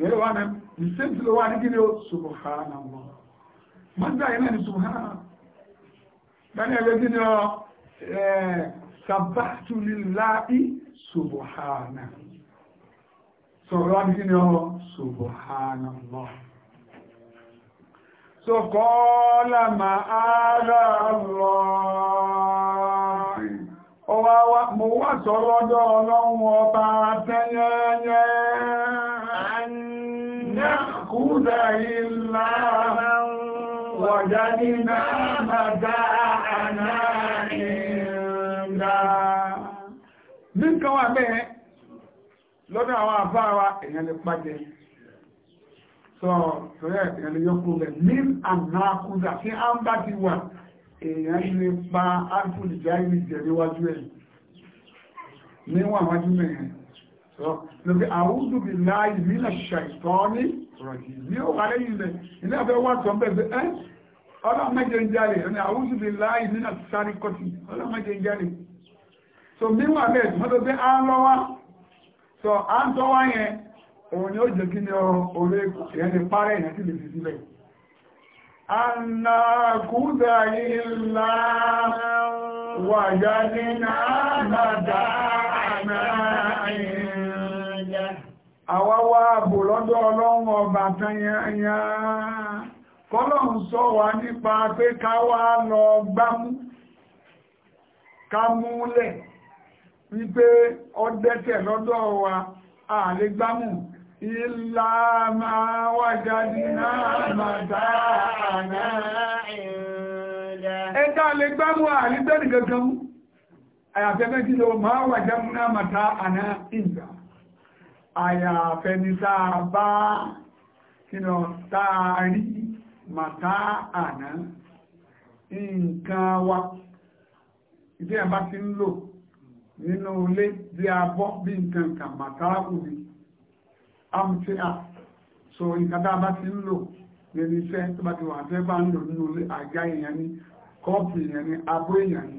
yẹ́rẹ́ wà náà ní sẹ́ǹtì ló wà ní kí ni ó subhanallah mọ́tà yẹn náà ní subhanallah bẹ́ẹ̀ni ẹgbẹ́ kí ni ó sabahtu lillahi subhana sọ̀rọ̀ wà ní kí ni ó subhanallah sọ̀kọ́ọ́lá ma'ára Allah ọwá mo wá sọ̀rọ̀ ọjọ́ ọlọ́run ọba tẹ́yẹ́yẹ́ الحمد لله وجدنا متاعنا عنده bí nǹkan wà bẹ́ẹ̀ lọ́dọ̀ àwọn àbá wa èèyàn lè pàjẹ́ sọ torí èèyàn lè yọkú rẹ̀ ní àmà kúzà tí a ń bá ti wà èèyàn lè pa ápùlì jáìrì jẹ níwájú ẹ̀ níwọ̀n wájú mẹ́rin ní ó wà lẹ́yìn ilẹ̀ ilé àfẹ́ tọ́ bẹ́ẹ̀ ẹ́ ọlọ́mẹ́jẹ ń jáde ẹni àwúsùfì láì nínà sáré kọ́tì ọlọ́mẹ́jẹ ń jáde so mímọ̀ tó bẹ́ á lọ́wọ́ so ń tọ́wọ́ yẹn òun ni ó jẹ́ kí ni parẹ́ lè fi sílẹ̀ àwa wá ààbò lọ́dọ̀ ọlọ́run ọba tanyanya kọ́lọ̀hún sọ wá nípa pé ká wá lọ gbámú ká múlẹ̀ wípé ọdẹ́tẹ̀ lọ́dọ̀ wa àlè gbámú ìlà máa wájáde náà màtá àná ẹ̀dá àlè gbámú àlè tẹ́nì kankan mú àyàfẹ́ méjì lọ máa wájáde náà màtá àná àyà àfẹni táa bá kínà táa rí màtá àná nǹkan wa ìdí ẹ̀bá ti ń lò nínú ilé bí a bọ́ bí nǹkan kan màtá òbí amúti à so nǹkan tá a bá ti ń lò nínú iṣẹ́ tó bá ti wà tẹ́ bá ń lò nínú ilé àga èèyàn ni kọ́ọ̀pù èèyàn ni abó èèyàn ni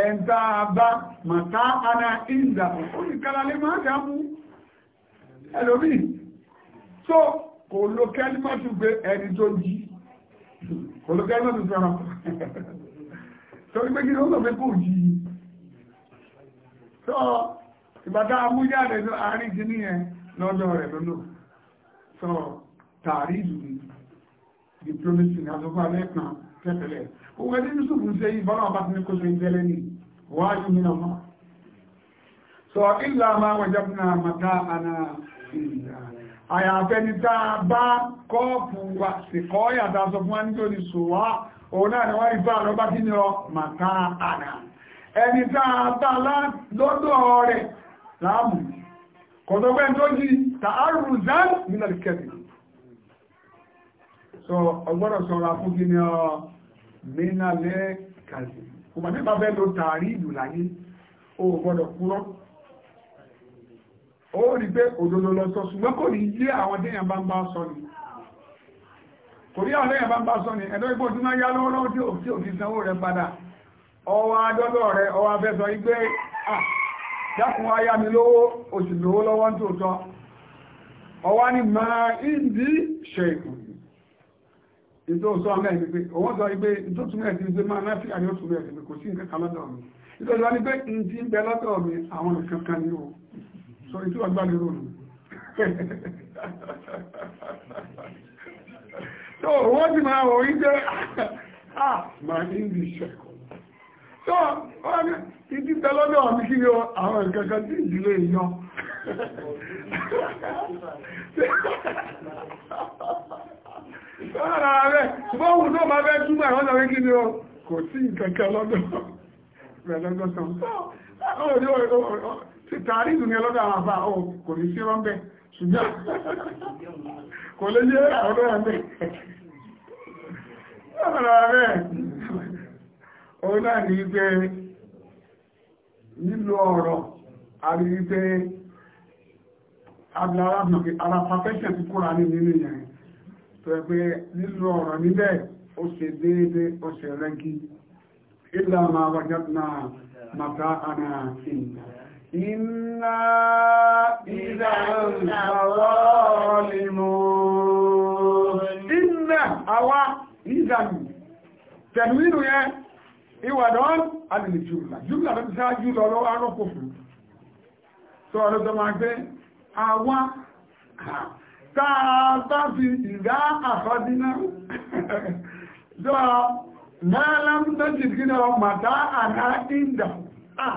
ẹ̀ńtà bá màtá àná ìdà òní kálálé máa dá mú ẹlòmí tó kò ló kẹ́límọ́tù gbé ẹni tó jí kò ló kẹ́límọ́tù sọ́rọ̀ torí pé kí ló lọ fẹ́ kò jí tó ìbátá amújáde ló àárín kí níyẹn lọ́jọ́ rẹ̀ lọ́lọ́ sọ tààrí ìlú ni diplomacy ní àtọ́kọ́ alẹ́kàn tẹ́tẹ̀lẹ̀ òun ẹni Yusuf ń ṣe ìbọn àbá tí ní kó ṣe ìtẹ́lẹ̀ ní wáyé nínú ọmọ sọ ìlà máa wọ̀jọ́ fún àmàtà àná àyàfẹ́ni tá a bá kọ́ọ̀pù wa sì kọ́ yàtà sọ fún wa ní lórí ṣòwá òun náà ni wọ́n rí fáà lọ́bá kí ni ọ màtá àdá ẹni tá a bá lọ́dọ̀ rẹ̀ láàmù kọ̀dọ̀gbẹ́ tó jí tààrù zan nílẹ̀ kẹ́bì so ọgbọ́dọ̀ sọ̀rọ̀ fún kí ni ọ mínàlẹ́ kàzì kò mà nípa bẹ́ẹ̀ ló tààrí ìlú láyé ó gbọ́dọ̀ kúrọ́ rí pé òdodo lọ sọ ṣùgbọ́n kò ní yé àwọn téèyàn bá ń bá sọ ni kò rí àwọn téèyàn bá ń bá sọ ni ẹ̀dọ́ ipò tí wọ́n yá lọ́wọ́ lọ́wọ́ tí òfin òfin sanwó rẹ̀ padà ọwọ́ adọ́dọ̀ rẹ̀ ọwọ́ afẹ́ sọ dákun ayá mi lówó oṣù lówó lọ́wọ́ ń tòótọ́ ọwọ́ ni máa ń di ṣe ìkùn so ìtú àgbàlè ròlù so wọ́n ti máa wọ̀ wípé ah, ah my English so wọ́n ní títí tẹ́lọ́dọ̀ mi kí ni àwọn ìkankan tí ìdílé yan Sọ́nà rẹ̀, ṣùgbọ́n òun tó máa fẹ́ túnmọ̀ àwọn ọ̀nà wíkí ni ó kò sí ìkankan lọ́dọ̀ rẹ̀ lọ́gọ́sàn tí tààrí ìdùn ní ọlọ́dọ̀ àwọn àbá ọ̀ kò ní sí rọ́m̀bẹ̀ ṣùgbọ́n kò lè yé ọ̀rọ̀ ẹ̀mẹ́ ọ̀rọ̀ ẹ̀mẹ́ òun náà ní pé nílò ọ̀rọ̀ àrí pé abúlára nàkí ara perfection ti kúra ní nínú ìyẹn tó ẹ pé nílò ọ̀rọ̀ níbẹ̀ ó ṣe déédé ó ṣe rẹ́gí ìlànà àwàjọ́ náà màtá àná ìlànà إنا إذا ظالمون إنا أوا إذا تنوين يا ìwàdán alìlè jùmlà jùmlà tó ti sáájú lọ lọ́wọ́ arọ́pò tó ọ̀rọ̀ tó máa gbé awa táa fi ìdá àfọ́dínà tó mẹ́lá mẹ́jì kí ni màtá àná ah,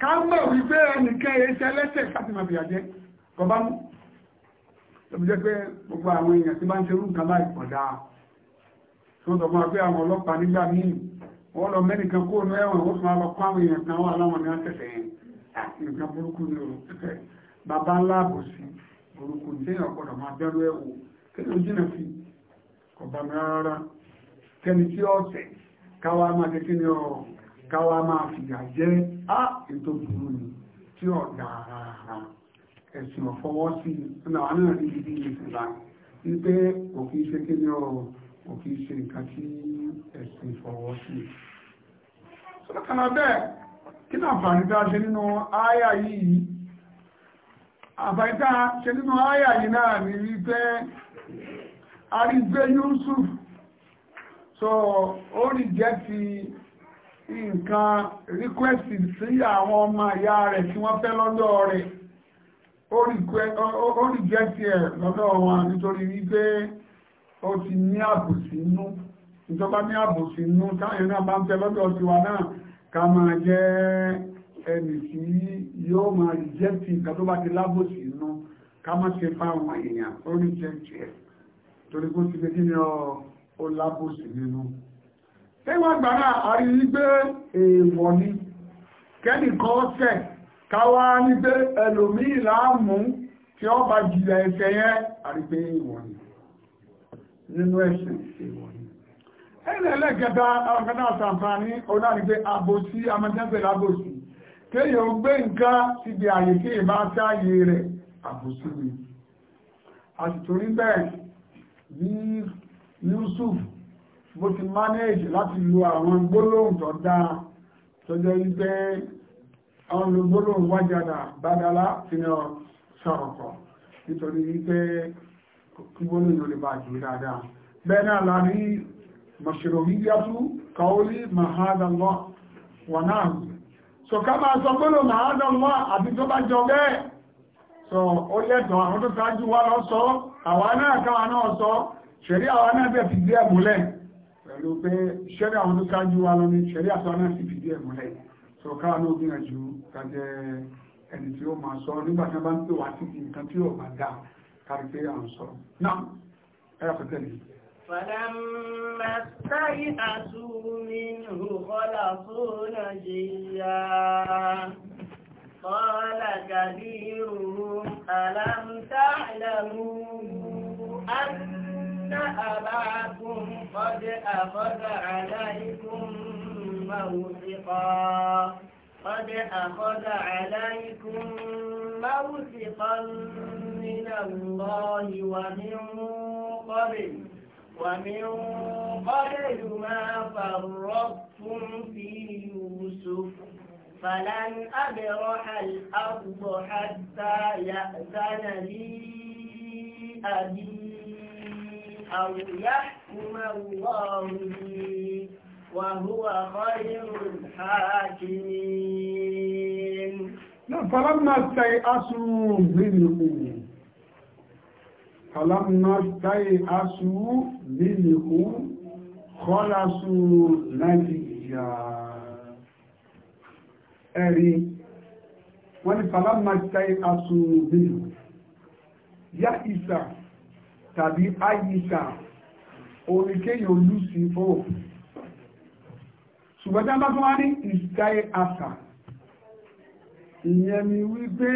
ká mọ̀ wípé ẹnìkan ẹ̀ṣẹ́ lẹ́sẹ̀ káti máa bìyà jẹ́ gọba mú tọ́bí jẹ́ pé gbogbo àwọn èèyàn tí bá ń ṣe rú nǹkan láì pọ̀dá tí wọ́n tọ́gbọ́n pé àwọn ọlọ́pàá nígbà míì wọ́n lọ mẹ́nìkan kó ní ẹ̀wọ̀n ó fún alọ́ kọ́ àwọn èèyàn kan wà láwọn ní àtẹ̀sẹ̀ o bàbá ńlá àbò sí burúkú ní téèyàn gbọ́dọ̀ máa dẹ́rú ẹ̀ wò kéèyàn jìnà fi kọ̀bàmì rárá kẹni tí ọ̀sẹ̀ káwa máa tẹ́kí ni ọ̀rọ̀ káwa máa fìyà jẹ́ á ètò burú ni tí ọ̀dà ara ẹ̀sìn ọ̀fọwọ́ sí náà náà ní ibi ìsìnlá wípé òkè ṣe kí ni ọ̀rọ̀ òkè ṣe nǹkan tí ẹ̀sìn fọwọ́ sí. sọ́kànnà bẹ́ẹ̀ kí náà fàánì tá a ṣe nínú ááyà yìí àbáyítá ṣe nínú ááyà yìí náà ní wípé arígbé so ó rí jẹ́ ti nǹkan request sí àwọn ọmọ ìyá rẹ̀ tí wọ́n fẹ́ lọ́dọ̀ rẹ̀ ó reject ẹ̀ lọ́dọ̀ wọn nítorí wípé ó ti ní àbòsí inú ìjọba ní àbòsí inú táyẹ̀ náà bá ń fẹ́ lọ́dọ̀ tiwa náà ká máa jẹ́ ẹni tí yóò máa reject nǹkan tó bá ti lábòsí inú ká má ṣe fáwọn èèyàn ó reject ẹ̀ torí kó ti fi kí ni ó lábòsí nínú tí wọ́n gbà náà àrí wípé èèwọ̀ ni kẹ́nìkan ọ̀sẹ̀ káwá ní pé ẹlòmíì láàmú tí ó bá jìyà ẹ̀ṣẹ̀ yẹn àrí pé èèwọ̀ ni nínú ẹ̀ṣẹ̀ èèwọ̀ ni ẹlẹ́lẹ́gẹta ọ̀gẹ́ta àtàǹfààní onáàrí pé àbòsí amẹ́jẹ́sẹ̀ lábòsí ni àtìtorí bẹ́ẹ̀ Yusuf mo ti manage láti lo àwọn gbólóhùn tó dáa tó jẹ́ wípé àwọn lo gbólóhùn wájàdà bádálá sínú sọ̀rọ̀kọ̀ nítorí wípé kí gbólóhùn yóò lè bá jù dáadáa bẹ́ẹ̀ náà la rí mọ̀ṣẹ̀rọ̀míyàtú kàólí mahadallah wà náà so ká máa sọ gbólóhùn mahadallah àti tó bá jọ bẹ́ẹ̀ so ó lẹ́tọ̀ àwọn tó ṣáájú wa lọ sọ àwa náà káwa náà sọ ṣẹ̀rí àwa náà bẹ̀ fi gbé ẹ̀múlẹ̀ pẹ̀lú pé ṣẹ́rí àwọn tó kájú wa lọ ní ṣẹ́rí àtọ́ náà fìdí ẹ̀ múlẹ̀ tó ló gbìyànjú kájẹ́ ẹni tí ó máa sọ nígbà bá ń pè wá sí nǹkan tí ó bá dà kárí pé à ń sọ náà ẹ̀rọ pẹ̀tẹ́ إن أباكم قد أخذ عليكم موثقا قد أخذ عليكم موثقا من الله ومن قبل ومن قبل ما فرطتم في يوسف فلن أبرح الأرض حتى يأذن لي أبي أو يحكم الله لي وهو خير الحاكمين فلما استيأسوا منه فلما استيأسوا منه خلصوا نجيا أري ولفلما استيأسوا منه يئس tàbí àyíká orí kéyàn olú sí ṣùgbọ́n tá bá fún wa ní ìskáyé àṣà ìyẹn ni wípé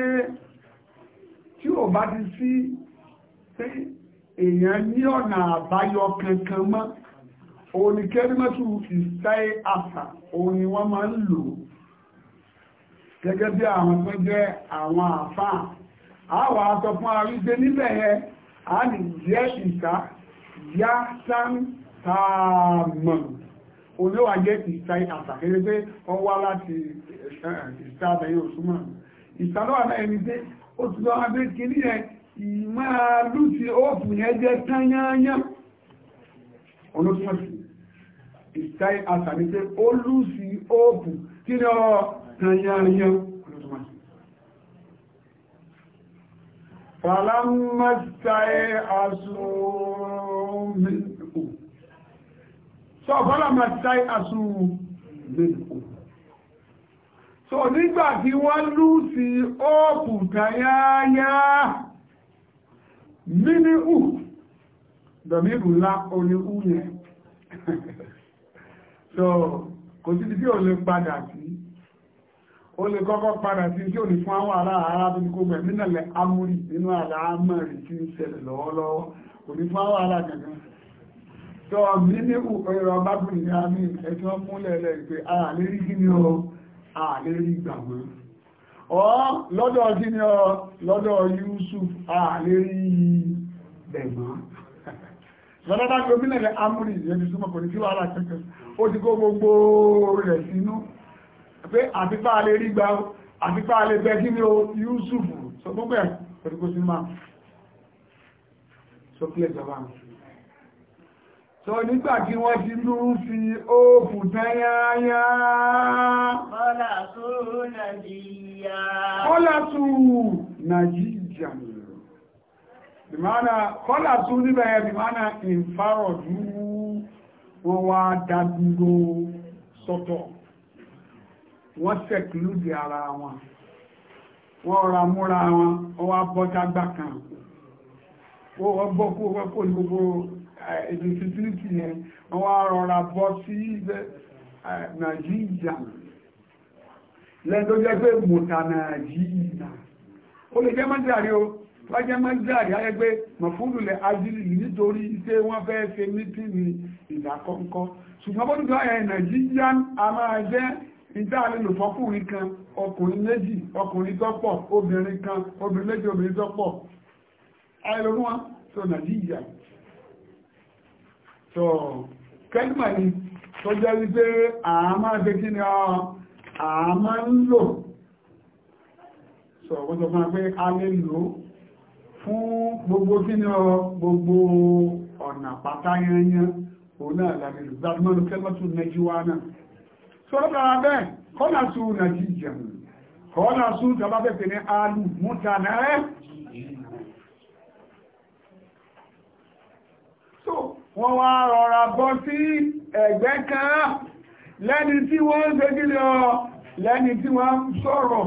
tí ò bá ti sí pé èèyàn ní ọ̀nà àbáyọ kankan mọ́ òun ni kẹ́rìmọ́tù ìskáyé àṣà òun wọ́n máa ń lò gẹ́gẹ́ bí àwọn tó jẹ́ àwọn àfáà àwọn àtọ̀ àrígbé níbẹ̀ yẹn àádìyẹ́sìká yá sáàmọ̀ olówà jẹ́ ìta àtàkẹ́rẹ́ pé wọ́n wá láti eh, ìta àbẹ̀yẹ òṣùmọ̀ ìtàlọ́wà náà ẹni pé ó ti lọ́wọ́ abẹ́ kìíní ẹ ìmáa lúti óòfù yẹn jẹ́ tányányá olóṣùmọ̀ sí ìta àtàkẹ́rẹ́ فلما استيأسوا منه so فلما استيأسوا منه so nígbà tí wọ́n lù sí òpù tayáyá mínú dọ̀míbù ńlá oní úyẹ̀ so kò sí tí ó lè padà sí ó lè kọ́kọ́ padà sí tí ò ní fún àwọn ará arábìnrin gbogbo ẹ̀mí náà lẹ amúrí nínú àlàámọ̀rí tí ń ṣẹlẹ̀ lọ́wọ́lọ́wọ́ kò ní fún àwọn ará kankan tó mí ní ìrọ̀ bábùnrin ní àmì ẹ̀tọ́ múlẹ̀ lẹ́ pé àlérí kí ni ọ àlérí gbàgbọ́ ọ lọ́dọ̀ kí ni ọ lọ́dọ̀ Yusuf àlérí bẹ̀mọ́ lọ́dọ̀ bá gómìnà lẹ amúrí ìyẹn ti súnmọ́ kò ní sí wàhálà kankan pé àbípá alẹ́ rí gbá àbípá alẹ́ bẹ́ kí ní o Yusuf sọ gbogbo ẹ̀ pẹ̀lú kó sí máa sọ pílẹ̀ jọba sọ nígbà tí wọ́n ti lú fi óòfù tányáyá kọ́lá nàìjíríà kọ́lá nàìjíríà wọ́n sẹ̀kìlúdì ara wọn wọ́n ra múra wọn ọwọ́ abọ́dágbà kan wọ́n bọ́ kó wọ́n kó ní gbogbo èdè eh, security yẹn wọ́n wá rọra bọ́ sí eh, nàìjíríà lẹ́yìn tó jẹ́ pé mọ̀tà nàìjíríà ó lè jẹ́ mọ́jáde o wọ́n jẹ́ mọ́jáde ayẹ́gbẹ́ mọ̀fúnlù lẹ̀ ajílì nítorí iṣẹ́ wọ́n fẹ́ ṣe mítìnì ìdákọ́ńkọ́ ṣùgbọ́n bó dúdú ẹ̀ eh, nàìjíríà a máa jẹ́ ìdá lílò fọ́kùnrin kan ọkùnrin méjì ọkùnrin tọ́pọ̀ obìnrin kan obìnrin méjì obìnrin tọ́pọ̀ ayẹlógún wọn tó nàìjíríà tó kẹ́lìmà ni tó jẹ́ wípé àmá ẹgbẹ́ kí ni àmá ń lò sọ wọ́n sọ fún pé a lè lò fún gbogbo kí ni gbogbo ọ̀nà pátá yẹnyẹn òun náà làbẹ̀lú gbàdúmọ́lù kẹ́lìmà tó nàìjíríà náà sọ́lọ́pàá bẹ́ẹ̀ bẹ́ẹ̀ ní so wọ́n wá rọra bọ́ sí ẹ̀gbẹ́ kan lẹ́ni tí wọ́n ń segí lọ lẹ́ni tí wọ́n sọ̀rọ̀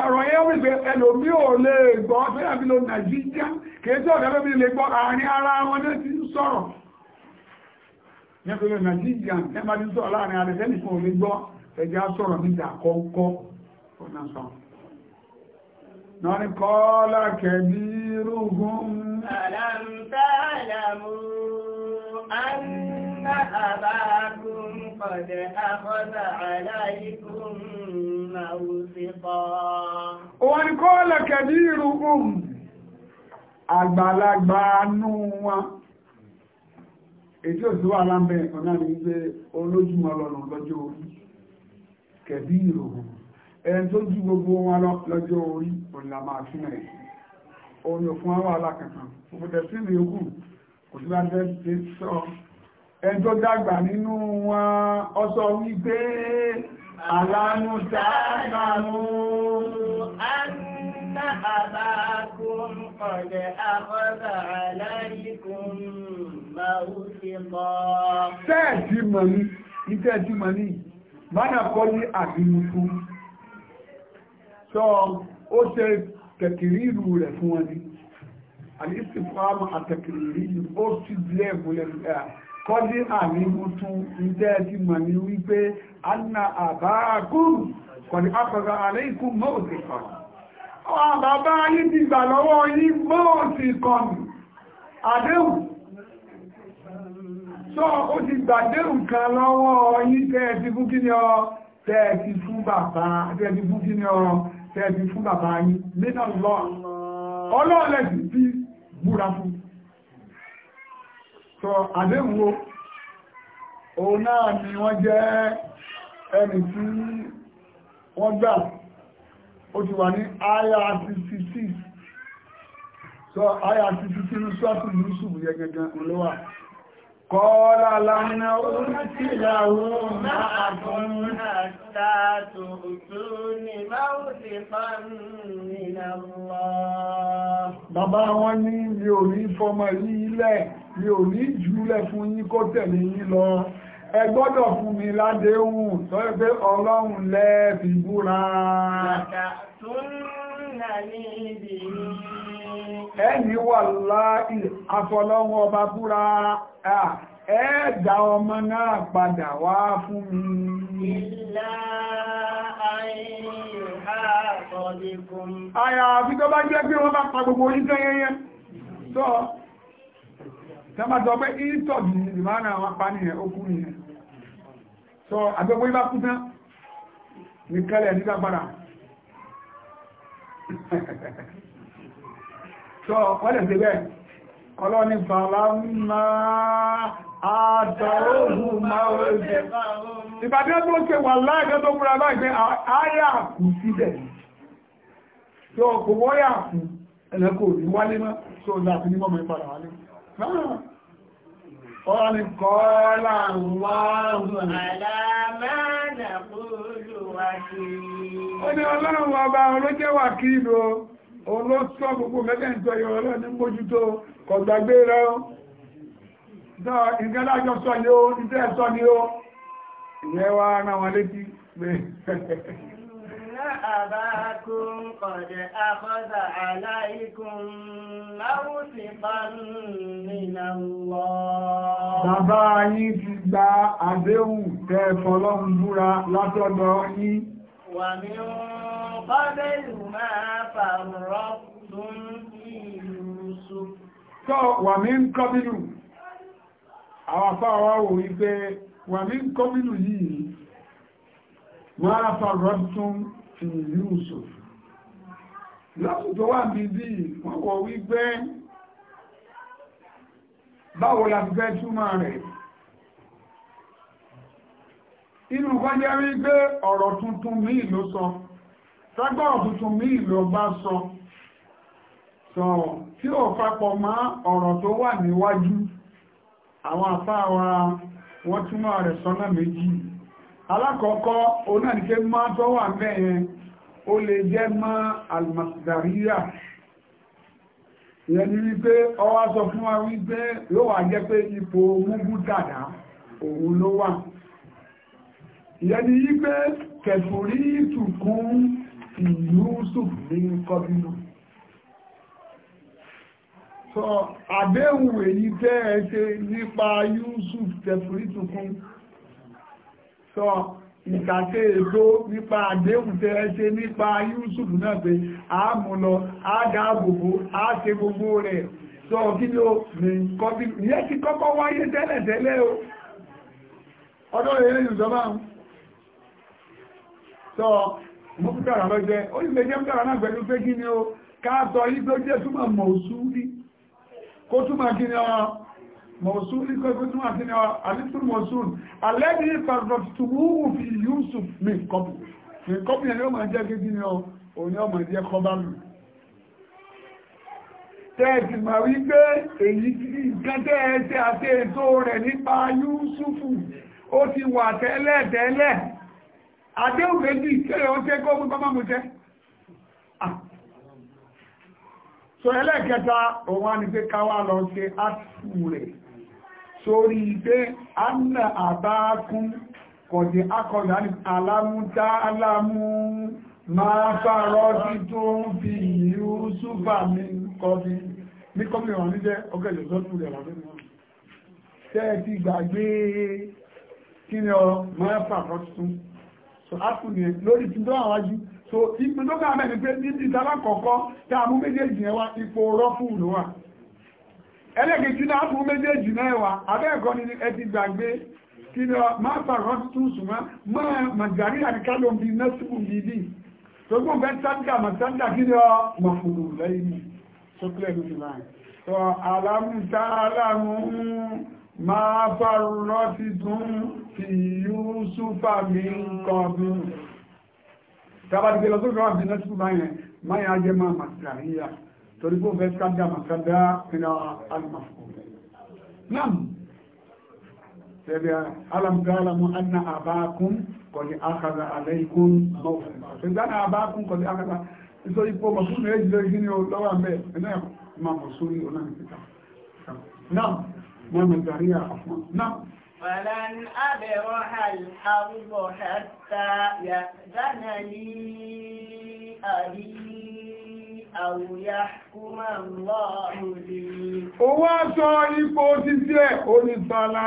ẹ̀rọ yẹn wípé ẹlòmí ò lè gbọ́ fẹ́ àbílò nàìjíríà kìí tí lè gbọ́ àárín ara wọn náà nípínlẹ̀ nàìjíríà nípa tí sọ láàrin àrẹsẹ́nì fún omi gbọ́ ẹjá sọ̀rọ̀ níta kọ́kọ́ ọ̀nà sọ kọ́ọ́lá kẹbí rúgún alámtàlàmù anna àbákùn kọ̀dẹ̀ akọ́dà aláyíkùn màúsíkọ́ wọ́n ni kọ́ọ́lá èdí òsì wà lábẹ́ ẹ̀kan náà ní pé olójúmọ́ lọ́nà lọ́jọ́ orí kẹ̀bí ìròhùn ẹni tó jú gbogbo wọn lọ́jọ́ orí òlà máa túnmọ̀ ẹ̀ orí òfin àwọn alákẹ̀kan òfòtẹ̀ sí ìlú yòókù kò sí bá fẹ́ ṣe sọ ẹni tó dàgbà nínú wọn ọsọ wípé aláàánú sáàánú anna àbákùn ọ̀dẹ̀ àkọ́dà aláìkùn Tẹ́ẹ̀tì mọ̀ ní, ìtẹ́ẹ̀tì mọ̀ ní, mọ́nà kọ́ ní àbínúkú. Sọ ó ṣe kẹkìrí ìlú rẹ̀ fún wọn ní. Àlìsí fáàmù àtẹkìrí ìlú ó sì dílẹ̀ múlẹ̀ kọ́ ní àbínúkú ìtẹ́ẹ̀tì mọ̀ ní wípé Anna àbáàkùn kọ̀ ní àpẹẹrẹ àlẹ́kùn mọ́ òṣèkọ̀. Àwọn bàbá yìí ti gbà lọ́wọ́ so ó ti gbàdé nǹkan lọ́wọ́ yín tẹ́ẹ̀tì fún kí ni ọ tẹ́ẹ̀tì fún bàbá tẹ́ẹ̀tì fún kí ni ọ tẹ́ẹ̀tì fún bàbá yín nínú lọ ọlọ́ọ̀lẹ́ ti fi búra fún so àdéhùn o òun náà ni wọ́n jẹ́ ẹni tí wọ́n gbà ó ti wà ní ir66 so ir66 ní sọ́ọ̀tù ní ṣùgbù yẹ gẹ́gẹ́ olówà Kọ́ọ́lá lánà orí tí ìyàwó máa fún àtàtò tó ní máa ti Bàbá wọn ní mi ò ní fọmọ yí ilẹ̀, mi ò ní jùlẹ̀ fún yín kó tẹ̀lé yín lọ. Ẹ gbọ́dọ̀ fún mi ládéhùn tó yẹ pé Ọlọ́run lẹ́ẹ̀fì búra. Bàtà tún nà ní ibi ẹni wà láì afọlọ́wọ́ ọba búra ẹ̀ẹ́dà ọmọ náà padà wá fún mi. Ìlà àìyàn àtọ̀dẹ̀kùn. Àyà àfi tó bá jẹ́ pé wọ́n bá pa gbogbo oníṣẹ́ yẹnyẹ. Sọ, tẹ́màtọ̀ pé tó ọ̀pọ̀lẹ̀ síbẹ̀ ọlọ́ni fàlá máa àtàróhù máa rẹ̀ ìbàdí tó ṣe wà láìjọ́ tó múra bá ìgbé àáyà kù síbẹ̀ tó kò wọ́yà kù ẹ̀lẹ́kò ní wálé mọ́ tó láti ní mọ́mọ́ ìpadà wálé ọ̀rọ̀ ni kọ́ọ́lá wọ́n àlámánà kúrò wákìlì olóṣọ́ gbogbo mẹ́lẹ́ntọ́ yọ ọlọ́ni mójútó kọ̀gbàgbé rẹ̀ ó dọ́ ìgẹ́lájọ́ sọ ni ó tẹ́ẹ̀ sọ ni ó ìyẹ́ wá rán wọn létí pé Bàbá ti gba àdéhùn búra ومن قبل ما فرطتم في يوسف ومن قبل àwọn afáwà wò wípé wà ní kọ́mínú yìí máa farọ́tún fi Yusuf lọ́sùn tó wà ní bí wọ́n wọ́n wípé báwo la fẹ́ túmọ̀ rẹ̀ inú kọ́ jẹ́ rí pé ọ̀rọ̀ tuntun míì ló sọ tágbọ́rọ̀ tuntun míì ló bá sọ sọ tí ó papọ̀ mọ́ ọ̀rọ̀ tó wà níwájú àwọn àfáà wa wọ́n túmọ̀ rẹ̀ sọ́nà méjì alákọ̀ọ́kọ́ òun náà ní má tó wà mẹ́yẹn ó lè jẹ́ mọ́ almasdariya ìyẹn ni wípé ọwá sọ fún wa wípé yóò wà jẹ́ pé ipò múgú dàdá òun ló wà ìyẹni yí pé kẹfùrí ìtùkún Yusuf ní kọbínú so àdéhùn èyí tẹ́ ẹ ṣe nípa Yusuf kẹfùrí ìtùkún so ìkàtẹ́ ètò nípa àdéhùn tẹ́ ẹ ṣe nípa Yusuf náà pé àmúlọ àdáàbòbò àṣẹ gbogbo rẹ̀ so kí ni ó ní kọbínú ìyẹ́ ti kọ́kọ́ wáyé tẹ́lẹ̀ o ọdọ́ ìrẹ́yìn ìjọba sọ mọ́kútàrà lọ́jẹ́ ó lè jẹ́ mọ́kútàrà náà pẹ̀lú pé kí ni ó káàtọ̀ igbó jẹ́ túnmọ̀ mọ̀súlì kó túnmọ̀ kí ni ọ mọ̀súlì kó túnmọ̀ kí ni ọ alìsùn mọ̀súl alẹ́bí pàtàkùtùmúhù fi Yusuf mi kọ́pù mi kọ́pù yẹn ni ó máa jẹ́ kí ni ọ òun yóò máa jẹ́ kọ́bálù tẹ́ẹ̀tì ma wí pé èyí nǹkan tẹ́ẹ̀ẹ́sẹ́ àti ètò rẹ̀ nípa Yusufu ó ti wà tẹ́lẹ̀ tẹ́lẹ̀ àdéhùn méjì tẹ́lẹ̀ ó jẹ́ kó gbogbo mọ́mú jẹ́ so ẹlẹ́ẹ̀kẹta òun á ní pé káwà lọ ṣe áàtù rẹ̀ sórí pé anna àbákún kọ̀dé akọ̀dá ní alámúdá alámú máa fàárọ̀ sí tó ń fi ìlú súfà mi kọ́bí ní kọ́bí wọn ní jẹ́ ọgẹ́lẹ̀ lọ́tún rẹ̀ wà nínú tẹ́ẹ̀ ti gbàgbé kí ni ọ máa fàárọ̀ sí tó so apple ni lórí tí tó àwọn ajú so ipò tó kàá mẹ́rin pé títí ìtàlá kọ̀ọ̀kọ́ tí a mú méjèèjì ẹwà ipò rọ́fù ló wà ẹlẹ́gẹ̀ẹ́jì náà fún méjèèjì náà wà abẹ́ẹ̀kọ́ ni ẹ ti gbàgbé kí lọ máa fàrọ́ tún súnmọ́ máa màgàrí àríkálò bí nọ́sùkù bíbí tó gbọ́n bẹ́ sáńdà màsáńdà kí lọ mọ̀fùrù lẹ́yìn tó kílẹ̀ lóṣù láì máa bá rọ́tí tún fi yúúsùfà mi ń kọ́ bí tàbátí lọ sókè wà bínú tún báyẹn máa yá jẹ́ máa màsìkàríyà torí kó fẹ́ kádà màkádà nínú alìmọ̀fọ́ náà sẹ́bẹ̀ alamgalamu anna abákún kọ̀dí akàrà aláìkún mọ́fẹ́ ṣùgbọ́n abákún kọ̀dí akàrà nítorí pé ọmọ fún méjì lórí ní ọlọ́wà mẹ́ ẹ̀ náà máa mọ̀ sórí ọ̀nà ìpìtà náà mọ́mí gàrí àfún náà فلن أبرح الحرب حتى يأذن لي أبي أو يحكم الله لي Ó wá sọ ipò títí ẹ̀ onífàlà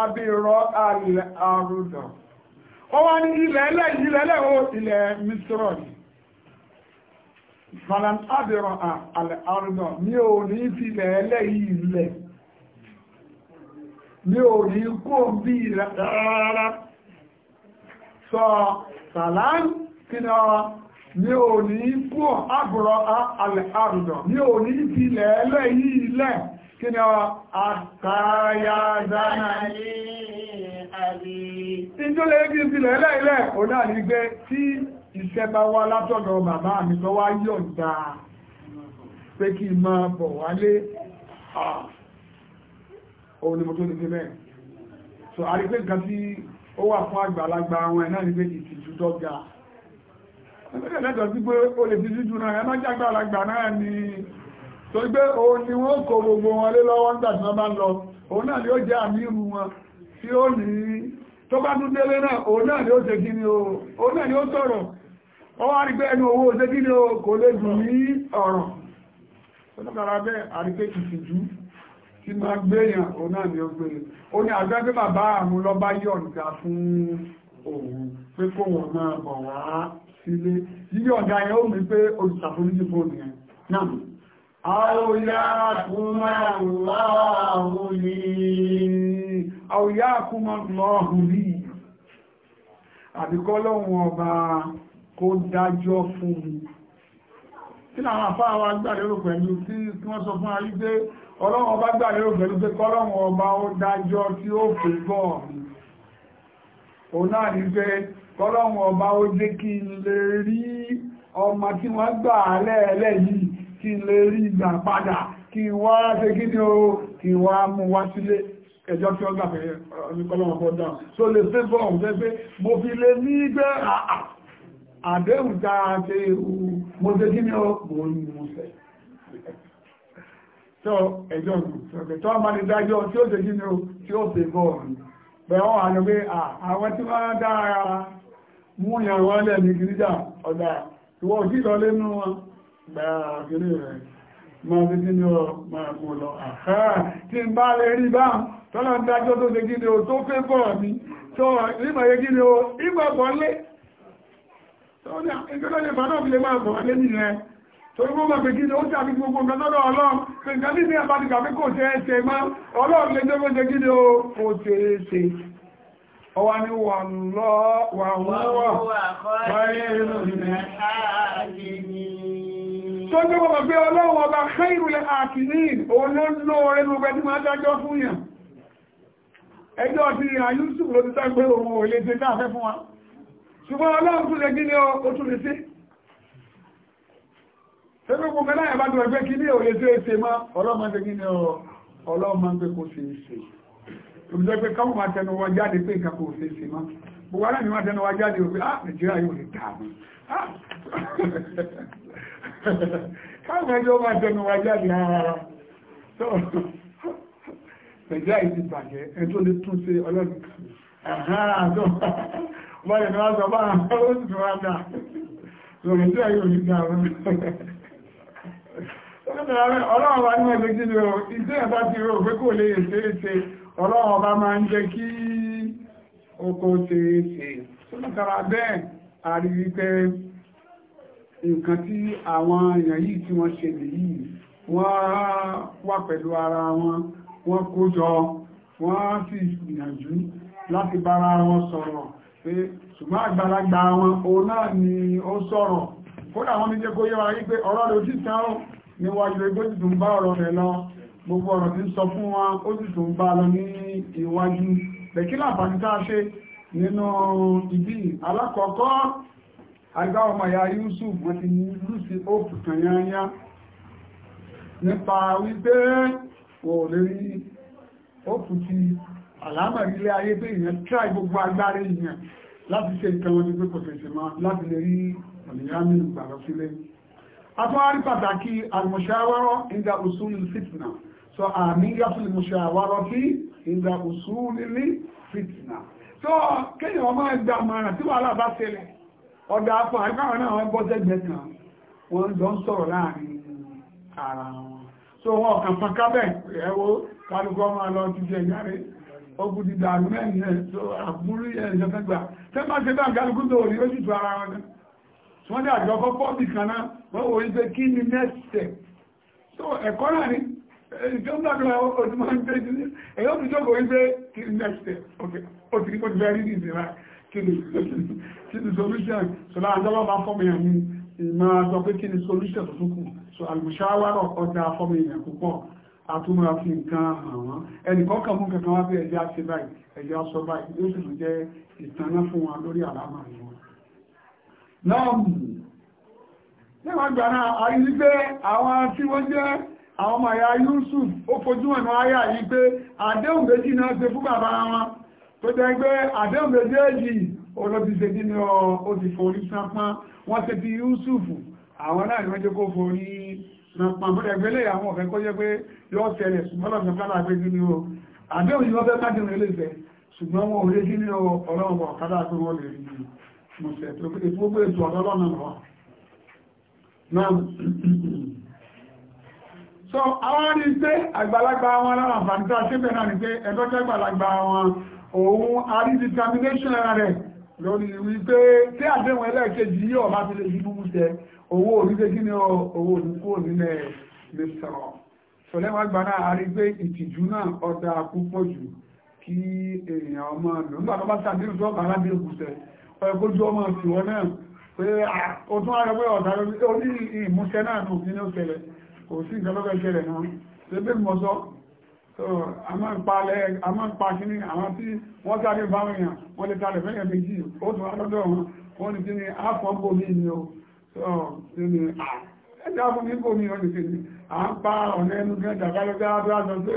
abìrọ̀ alẹ̀ àrùdọ̀. Ó wá ní ilẹ̀ ilẹ̀ ìlẹ̀lẹ̀ ó ilẹ̀ Mísírọ̀ ni. Fàlàn abìrọ̀ alẹ̀ àrùdọ̀ ní ò ní ìfilẹ̀ ẹlẹ́ yìí ilẹ̀ ní orí kó bí rárá sọ sàlám kí ni ọwá ní òní kó àbúrọ̀ àrùdọ̀ ní òní ti lẹ́ẹ̀lẹ́ yìí ilẹ̀ kí ni ọwá àtàyàzánà ìjọ́lẹ̀ ibi ti lẹ́ẹ̀lẹ́ ilẹ̀ òdá ní gbé tí iṣẹ́ bá wá látọ̀dọ̀ bàbá mi tó wá yọ̀ǹda pé kí máa bọ̀ wálé ah òun ni mo tó ní pé bẹ́ẹ̀ so a rí pé nǹkan tí ó wà fún àgbàlagbà àwọn ẹ̀ náà ní pé ìtìjú tó ga ẹgbẹ́ lẹ́tọ̀ sí pé ó lè ti jújú náà ẹmọ́ jẹ́ àgbàlagbà náà ni tó gbé òun ni wọ́n kó gbogbo wọn lé lọ́wọ́ nígbà tí wọ́n bá lọ òun náà ni ó jẹ́ àmì irú wọn tí ó ní tó bá tún délé náà òun náà ni ó ṣe kí ni o òun náà ni ó sọ̀rọ̀ wọ́n wá rí pé ẹnu owó ṣe kí ni o kò lè dùn ní ọ̀rọ̀ tó tọ́kara tí máa gbéyàn òun náà ni ó gbére ó ní àjọ pé bàbá àmú lọ bá yọ̀ǹda fún òun pé kó wọn máa bọ̀ wá sílé yíyọ̀ǹda yẹn ó mi pé olùṣàforíjì fóònù yẹn náà Àwòyákùnmọ̀lọ́hùnlí. Àbíkọ́ lọ́wọ́n ọba kó dájọ́ fún mi. Kí náà àfáà wa gbàdérò pẹ̀lú tí wọ́n sọ fún ayé pé ọlọ́run ọba gbà lérò pẹ̀lú pé kọ́lọ́run ọba ó dájọ́ tí ó pè bọ́ mi òun náà ní pé kọ́lọ́run ọba ó jẹ́ kí n lè rí ọmọ tí wọ́n gbà lẹ́ẹ̀lẹ́ yìí kí n lè rí ìgbà padà kí wá ṣe kí ni o kí wá mú wá sílé ẹjọ́ tí ó gbà pé ọlọ́run ọba dáhùn mo fi a ṣe mo ṣe mo ń mú sẹ́yìn tó ẹjọ́ ìgbẹ̀ tó máa lè dájọ́ tí ó ṣe jí ní o tí ó fẹ́ bọ́ ọ̀rùn bẹ̀rẹ̀ wọ́n àlọ́ pé àwọn tí wọ́n dára mú yàn wọ́n lẹ̀ ní gírídà ọ̀dà ìwọ̀ sí lọ lẹ́nu wọn gbẹ̀rẹ̀ kiri rẹ̀ máa fi jí ní ọ máa kò lọ tí n bá lè rí bá tọ́lá dájọ́ tó ṣe gíní o tó fẹ́ bọ́ mi tó ìmọ̀ yẹ gíní o ìgbàgbọ́ lé tó ní ìgbẹ́lẹ́ torí mọ́ mọ̀ pé kí ó tàbí gbogbo nǹkan lọ́dọ̀ ọlọ́run pé nǹkan ní ìpínlẹ̀ àbájú kàfí kò ṣe é ṣe mọ́ ọlọ́run lè jẹ́ gbọ́jẹ́ kí ni ó ṣe é ṣe ọwá ní wà lọ́wọ́ ẹjọ́ ti ìrìn àyúsùn ló ti tẹ́ pé òun ò Tẹ́lú gbogbo náà ẹ̀bá tó ẹgbẹ́ kí ní òye tí ó ṣe mọ́ ọlọ́mọdé kí ní ọlọ́mọdé kò ṣe ṣe. Òbíjẹ́ pé káwọn máa tẹnu wọn jáde pé nǹkan kò ṣe ṣe mọ́. Gbogbo ara máa tẹnu wọn jáde òfin, ah, Nàìjíríà yóò lè tà mí. Ah. Káwọn ẹjọ́ máa tẹnu wọn jáde rárá. Nàìjíríà yìí ti bàjẹ́, ẹ tó lè tún ṣe ọlọ́dún kan. ni wọ́n Ọlọ́run wa ní ẹgbẹ́ jílẹ̀ ọ̀, ìṣẹ́ ẹ̀bá ti rò pé kò lè ṣe é ṣe, ọlọ́run ọba máa ń jẹ́ kí oko ṣe é ṣe. Sọ́lọ́tara bẹ́ẹ̀ àrí wípé nǹkan tí àwọn èèyàn yìí tí wọ́n ṣe lè yìí, wọ́n wà pẹ̀lú ara wọn, wọ́n kó jọ, wọ́n sì gbìyànjú láti bára wọn sọ̀rọ̀ pé ṣùgbọ́n àgbàlagbà wọn, òun náà ni ó sọ̀rọ̀. Kódà wọ́n ní jẹ́ kó yẹ wa wípé ọ̀rọ̀ rẹ̀ ò níwájú ẹgbẹ́ ti tún bá ọ̀rọ̀ rẹ̀ lọ gbogbo ọ̀rọ̀ tí ń sọ fún wa ó sì tún bá lọ ní ìwájú lẹ́kílà fàníta ṣe nínú ìbí alákọ̀ọ́kọ́ àgbà ọmọ ìyá Yusuf wọ́n ti lùsí òpù kànyányá nípa wípé wò lè rí òpù ti àlámà ilé ayé pé ìyẹn tíráì gbogbo agbára ìyẹn láti ṣe ìkẹwọn ní pé kò tẹ̀sẹ̀ máa láti lè ọ̀nìyàn mìíràn gbàrọ̀ afọ́wárí pàtàkì alìmọ̀ṣáwárọ̀ ìgbà òsúlù fitna so àmì yàtùlù mọ̀ṣáwárọ̀ kí ìgbà òsúlù fitna so kéyàn ọmọ ẹgbà mọ̀ràn tí wà lábá tẹ́lẹ̀ ọ̀dà afọ́ àríkàwọn náà wọ́n gbọ́sẹ̀gbẹ̀ kan wọ́n so wọn kàn fún kábẹ̀ ẹ̀wọ́ kálukọ́ máa lọ ti so àbúrú ẹ̀ ìjọba gbà tẹ́ bá ṣe bá tí wọ́n dàjọ kọ́kọ́ bì kan náà wọ́n wò wípé kí ni next step so ẹ̀kọ́ náà ni ìjọ ń dàgbà ojú máa ń gbé jù ẹ̀yọ́ fi jókòó wípé next step ó ti kó ti fẹ́ rí ní ìsinmi kí ni solution so láwọn àjọ bá fọ́ mi hàn ní kí ni solution tó so àlùmọ̀ṣáwárọ̀ ọjà fọ́ mi hàn púpọ̀ àtúmọ̀ fi nǹkan àwọn ẹnìkan kan fún kankan wá bí ẹjẹ́ àṣẹ báyìí ẹjẹ́ àṣọ báyìí yóò sì tún jẹ́ ìtaná fún wa lórí àlámà ìwọ̀n náà níwọ̀n gbà a rí wípé àwọn tí wọ́n jẹ́ àwọn ọmọ ìyá Yusuf ó fojú ọ̀nà ayà yìí pé àdéhùn méjì náà ṣe fún bàbá wọn tó jẹ́ pé àdéhùn méjèèjì olóbìṣe nínú ó ti forí sápán wọ́n ti fi Yusuf àwọn náà ni wọ́n jẹ́ kó forí sápán bó dẹ̀ gbélé àwọn ọ̀fẹ́ kó jẹ́ pé yóò tẹ̀lẹ̀ ṣùgbọ́n lọ́sọ̀ kálá pé o àdéhùn yìí mọ̀sẹ̀ tó pé ètò gbogbo ètò ọ̀lọ́lọ́nà wà náà so àwọn ní pé àgbàlagbà wọn lára fàntà síbẹ̀ náà ni pé ẹ̀dọ́jẹ́ àgbàlagbà wọn òun àrí determination rẹ̀ lórí wípé tí àdéhùn ẹlẹ́ẹ̀kejì yíò bá fi lè yí búbú tẹ owó orílẹ̀ kí ni owó olùkú nílẹ̀ lè sọ̀rọ̀ sọlẹ́wọ̀n àgbà náà àrí pé ìtìjú náà ọ̀dà púpọ̀ jù kí èèyàn ọmọ lòmùgbà tó bá sàdéhùn tó bá alábẹ́ẹ̀kú tẹ ẹgbójú ọmọ ìwọ̀n náà pé o tún ààrẹ pé ọ̀tà orí ìmúṣẹ náà nù kí ní ó ṣẹlẹ̀ kò sí ìjọlọ́gbẹ̀ ṣẹlẹ̀ náà ṣe bí mọ́ sọ a máa ń pa kí ní àwọn tí wọ́n sáré báwọn èèyàn wọ́n lè kalẹ̀ fẹ́yẹ̀ méjì ó tún alọ́dọ̀ wọn wọ́n ní kí ní àfọ́gbò mi ni ó ẹjọ́ fún mi bò mí wọ́n ní kí ní à ń pa ọ̀nà ẹnu gẹ́gẹ́ àgbàlọ́gbẹ́ àbúrásọ pé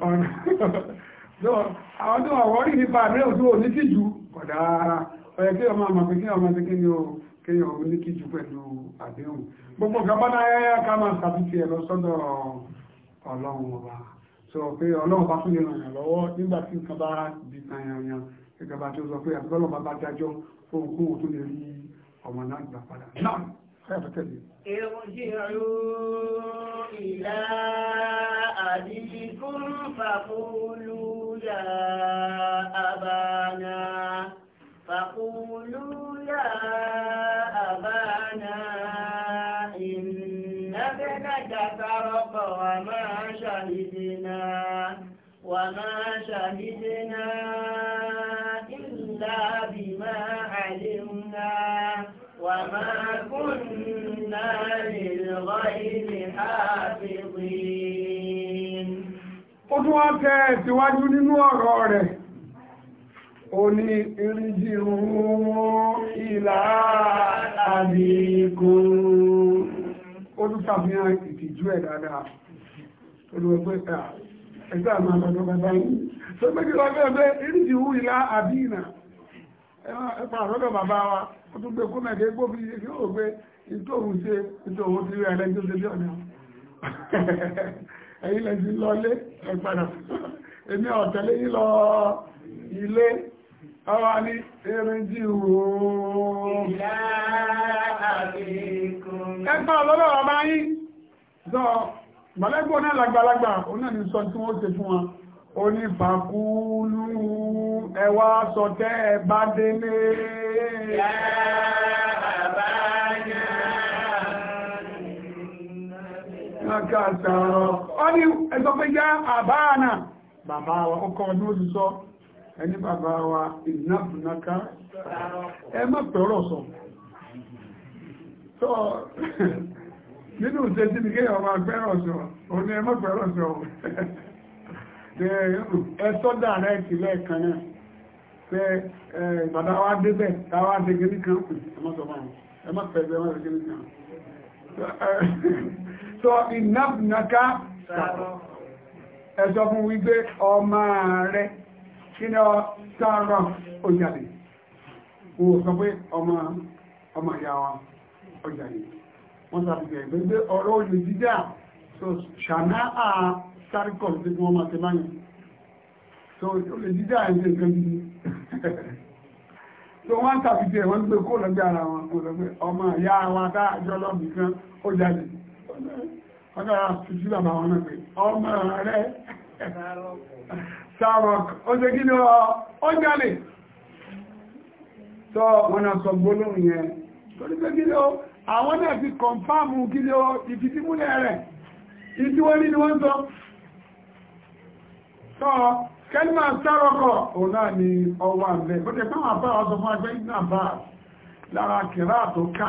ọ̀nà àwọn tó wà wọ́rí nípa àbẹ́rẹ́ òtún òní tìjú kọ̀dára ọ̀yẹ́ kí ọmọ àmọ̀ pé kí ọmọ ti kí ni o kí ọmọ ní kí jù pẹ̀lú àdéhùn gbogbo gbọ́dá ayáyá ká máa ṣàtúnṣe ẹ̀ lọ sọ́dọ̀ ọlọ́run ọba sọ pé ọlọ́run bá tún lè ràn yàn lọ́wọ́ nígbà tí nǹkan bá di tanyanyan gẹ́gẹ́ bá tó sọ pé àti bọ́lọ̀ bá dájọ́ ohunkóhun tó lè rí ọmọ náà gbà padà náà fẹ́ẹ̀tọ́ فقولوا يا أبانا إن ابنك سرق وما شهدنا وما شهدنا إلا بما علمنا وما كنا للغير حافظين. قدوة تواجه نورة oní iríjì rúrún ìlà àbíkú ó tún sàfihàn ìtìjú ẹ̀ dáadáa olùwẹ̀gbẹ́ta ẹgbẹ́ àmà àbájọ bàbá yìí tó gbé kílọ bẹ́ẹ̀ bẹ́ iríjì rú ìlà àbínà ẹ̀pà àrọ́dọ̀ bàbá wa ó tún gbé kúmẹ̀dé gbóbi kí ó gbé ìtòhùn ṣe ìtòhùn ti rí ẹlẹ́jọ́ ṣe bí ọ̀nà ẹ̀yìn lẹ́sìn lọlé ẹ̀padà èmi ọ̀tẹ̀lẹ́yìn lo ile. Ọwà ní erinjí ooo. Ìlà àríkùn. Ẹgbẹ́ ọlọ́rọ̀ ọba yín, sọ, gbàlẹ́gbọ́n náà lágbàlagbà, ó náà ní sọ tí wọ́n ṣe fún wa. Ó ní fàkúlú ẹwà sọ tẹ́ ẹ bá délé. Ìyá bàbá náà. Ó ẹ̀sọ́ pé já àbáànà. Bàbá wa, ọkọ̀ ọdún ó ẹni bàbá wa ìnáfúnáká ẹ má pẹ̀rọ sọ tó nínú ṣe tí ní kéèyàn máa pẹ̀rọ sọ o ní ẹ má pẹ̀rọ sọ ẹ sọ́dà rẹ̀ ìtìlẹ̀ kan náà pé ìbàdá wa débẹ̀ táwa dé gẹ́gẹ́ kan kù ẹ má sọ máa ẹ má pẹ̀rọ ẹ má sọ gẹ́gẹ́ kan so ìnáfúnáká ẹ sọ fún wípé ọmọ rẹ̀ kí ni ọ sáàrọ̀ ojàlè wò sọ pé ọmọ ìyá wa ojàlè wọ́n sàbíkẹ̀ ìgbẹ́gbẹ́ ọ̀rọ̀ olè jíjà so ṣàná à sárìkọ̀ tí wọ́n máa ti báyìí so olè jíjà ẹ̀ ṣe nǹkan jíjí so wọ́n sàbíkẹ̀ wọ́n gbé kó lọ́gbẹ́ ara wọn kó lọ́gbẹ́ ọmọ ìyá wa tá àjọ lọ́bì kan ojàlè ọjọ́ àtúntí bàbá wọn náà pé ọmọ rẹ̀ sàrọ̀k oúnjẹ gíní ọjọ́lẹ̀ tó wọ́n sọ gbólóhùn yẹn torí pé gíní àwọn náà fi kọ̀nfàmù gíní ìfìdímúlẹ̀ rẹ̀ ìdí wọ́n ní wọ́n sọ tó kẹ́lìmà sàrọ̀kọ̀ òun ni ọwọ́ àbẹ̀ bó tẹ́ fáwọn àbá ọsọ fún agbẹ́ ìdí àbá lára kìrá tó ká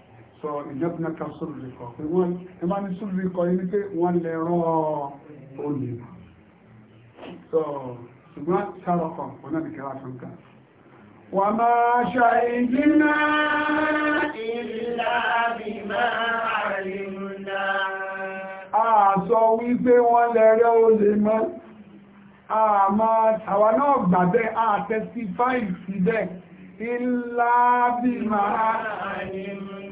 sọ ìjọba ká sórí ikọ̀ pé wọ́n ẹ máa ní sórí ikọ̀ yìí pé wọ́n lè rán olè sọ ṣùgbọ́n sára kan wọn náà nìkẹ́ra tó ń kà. wà á máa ṣe ìdínà ìlà bímọ àrìnà. a sọ wípé wọ́n lè rán olè mọ́ àwa náà gbàgbé àtẹ́sífáì síbẹ̀ ìlà bímọ àrìnà.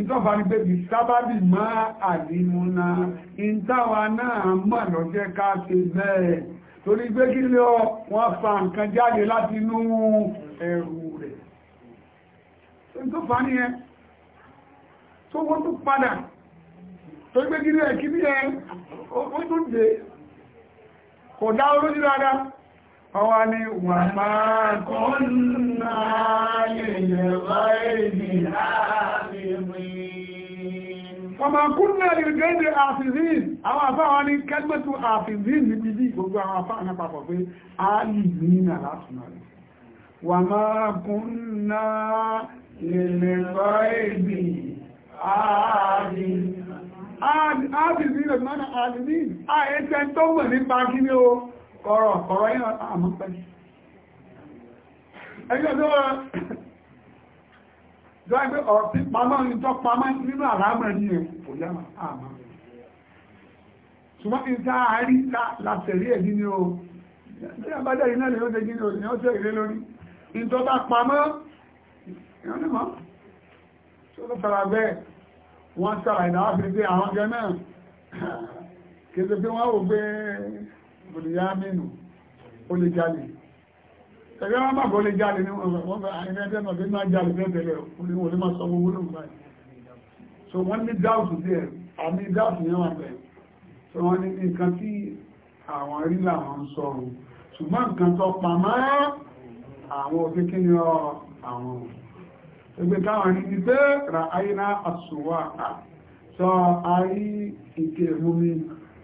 ìtọ́fà ní pé bí sábàbí máa àdínúna ìntàwà náà mọ̀ lọ́jẹ́ ká ṣe bẹ́ẹ̀ torí pé kí lọ wọ́n fa nǹkan jáde láti inú ẹ̀rù rẹ̀ ìtọ́fà ní ẹ tó wọ́n tó padà torí pé kí lọ ẹ̀kí bí ẹ ó tún dé kò dá olójú dáadáa Ọwá ní wà máa kọ́nà ayẹyẹ láìní àfihàn. Ọmọ kúnnà ìrìnlẹ́dẹ̀ àfihàn, àwọn àfá wọn ní kẹgbẹ́tù àfihàn níbi bí gbogbo àwọn àfá àpapọ̀ pé a lè ní àlásùnà rẹ̀. Wà máa kúnnà ìrìnlẹ́dẹ̀ àfihàn kọ̀rọ̀ kọ̀rọ̀ yíò àmọ́ pẹ̀lú ẹgbẹ́ tó wọ́n jọ ẹgbẹ́ ọ̀rọ̀ tí pamọ́ ní tọ́ pamọ́ nínú àlámọ̀ ní ẹ̀ kò yá àmọ́ ṣùgbọ́n ní tá a rí látẹ̀rí ẹ̀ o ní àbájá iná lè ó ṣe gínú ní ó tẹ̀rí lórí ìtọ́ bá pamọ́ ìyọ́n ní mọ́ tó ló fara bẹ́ẹ̀ wọ́n sára ìdáwà fi pé àwọn jẹ náà kéde pé wọ́n wò pé olùyámínú ó lè jalè ẹgbẹ́ wọn bàbá ó lè jalè ní wọn bá ẹgbẹ́ náà bí máa jalè bẹ́ẹ̀ tẹ́lẹ̀ oníwọ̀n lè máa sọ owó lóun báyìí so wọ́n ní dáùtù díẹ̀ àmì dáùtù yẹn wà bẹ́ẹ̀ so wọ́n ní nǹkan tí àwọn rí làwọn ń sọ ohun ṣùgbọ́n nǹkan tó pa mọ́ àwọn òkèké ní àwọn ohun ẹgbẹ́ táwọn rí ní bẹ́ẹ̀ ra ayé náà àṣùwà sọ ayé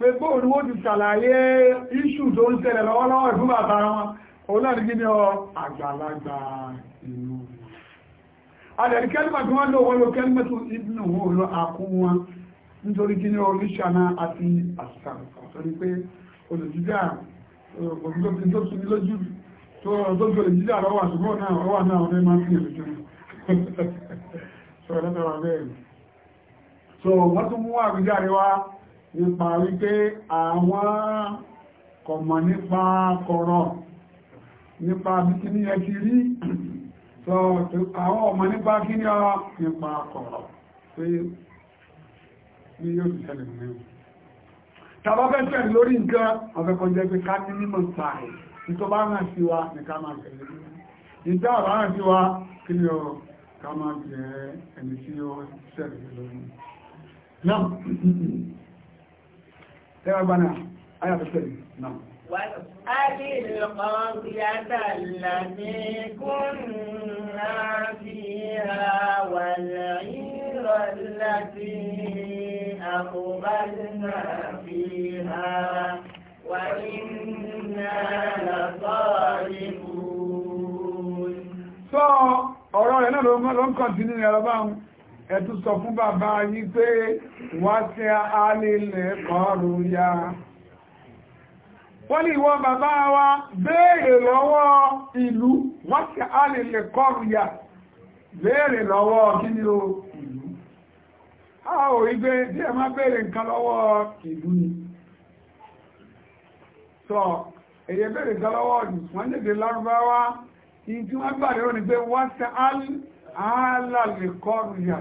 pé bóòrùn ó ti ṣàlàyé iṣù tó ń ṣẹlẹ̀ lọ́wọ́lọ́wọ́ ìfún bàbá wọn òun ni ọ àgbàlagbà ìlú adẹ̀rí kẹ́lìmà tí wọ́n lò wọ́n lò kẹ́lìmà tó ibùnú wọn lọ wọn nítorí kí ni oríṣàná àti àṣàkọ̀ so wọ́n tún mú àwùjáre wá nípa wípé àwọn kọ̀mọ̀ nípa kọ̀rọ̀ nípa bí ní ẹkì rí àwọn ọmọ nípa kí ní ọ nípa kọ̀rọ̀ pé ní yóò ti ṣẹlẹ̀ mẹ́rin tàbá fẹ́ tẹ̀lé lórí nǹkan ọ̀fẹ́kọ̀ jẹ́ pé ká ní mímọ̀ sáàrẹ̀ ìtọ́ bá rán sí wa ní ká máa tẹ̀lé ìtọ́ ربنا أنا بشكرك نعم واسأل القرية التي كنا فيها والعير التي أقبلنا فيها وإنا لصالحون. So, ọ̀rọ̀ rẹ̀ náà ló ń kọ́ntínú ẹ̀rọ báwọn ẹ̀tù sọ fún bàbá yín pé wá sí alìlẹ̀ kọrù ya wọ́n ní ìwọ bàbá wa béèrè lọ́wọ́ ìlú wá sí alìlẹ̀ kọrù ya béèrè lọ́wọ́ kí ni o ìlú a ò rí pé tí ẹ má béèrè nǹkan lọ́wọ́ ìlú ni sọ èyẹ béèrè nǹkan lọ́wọ́ ìlú wọ́n ní èdè lárúbáwá ìyí gbàdúrà ní pé wá sí alìlẹ̀ alàlẹ́kọ́rìyà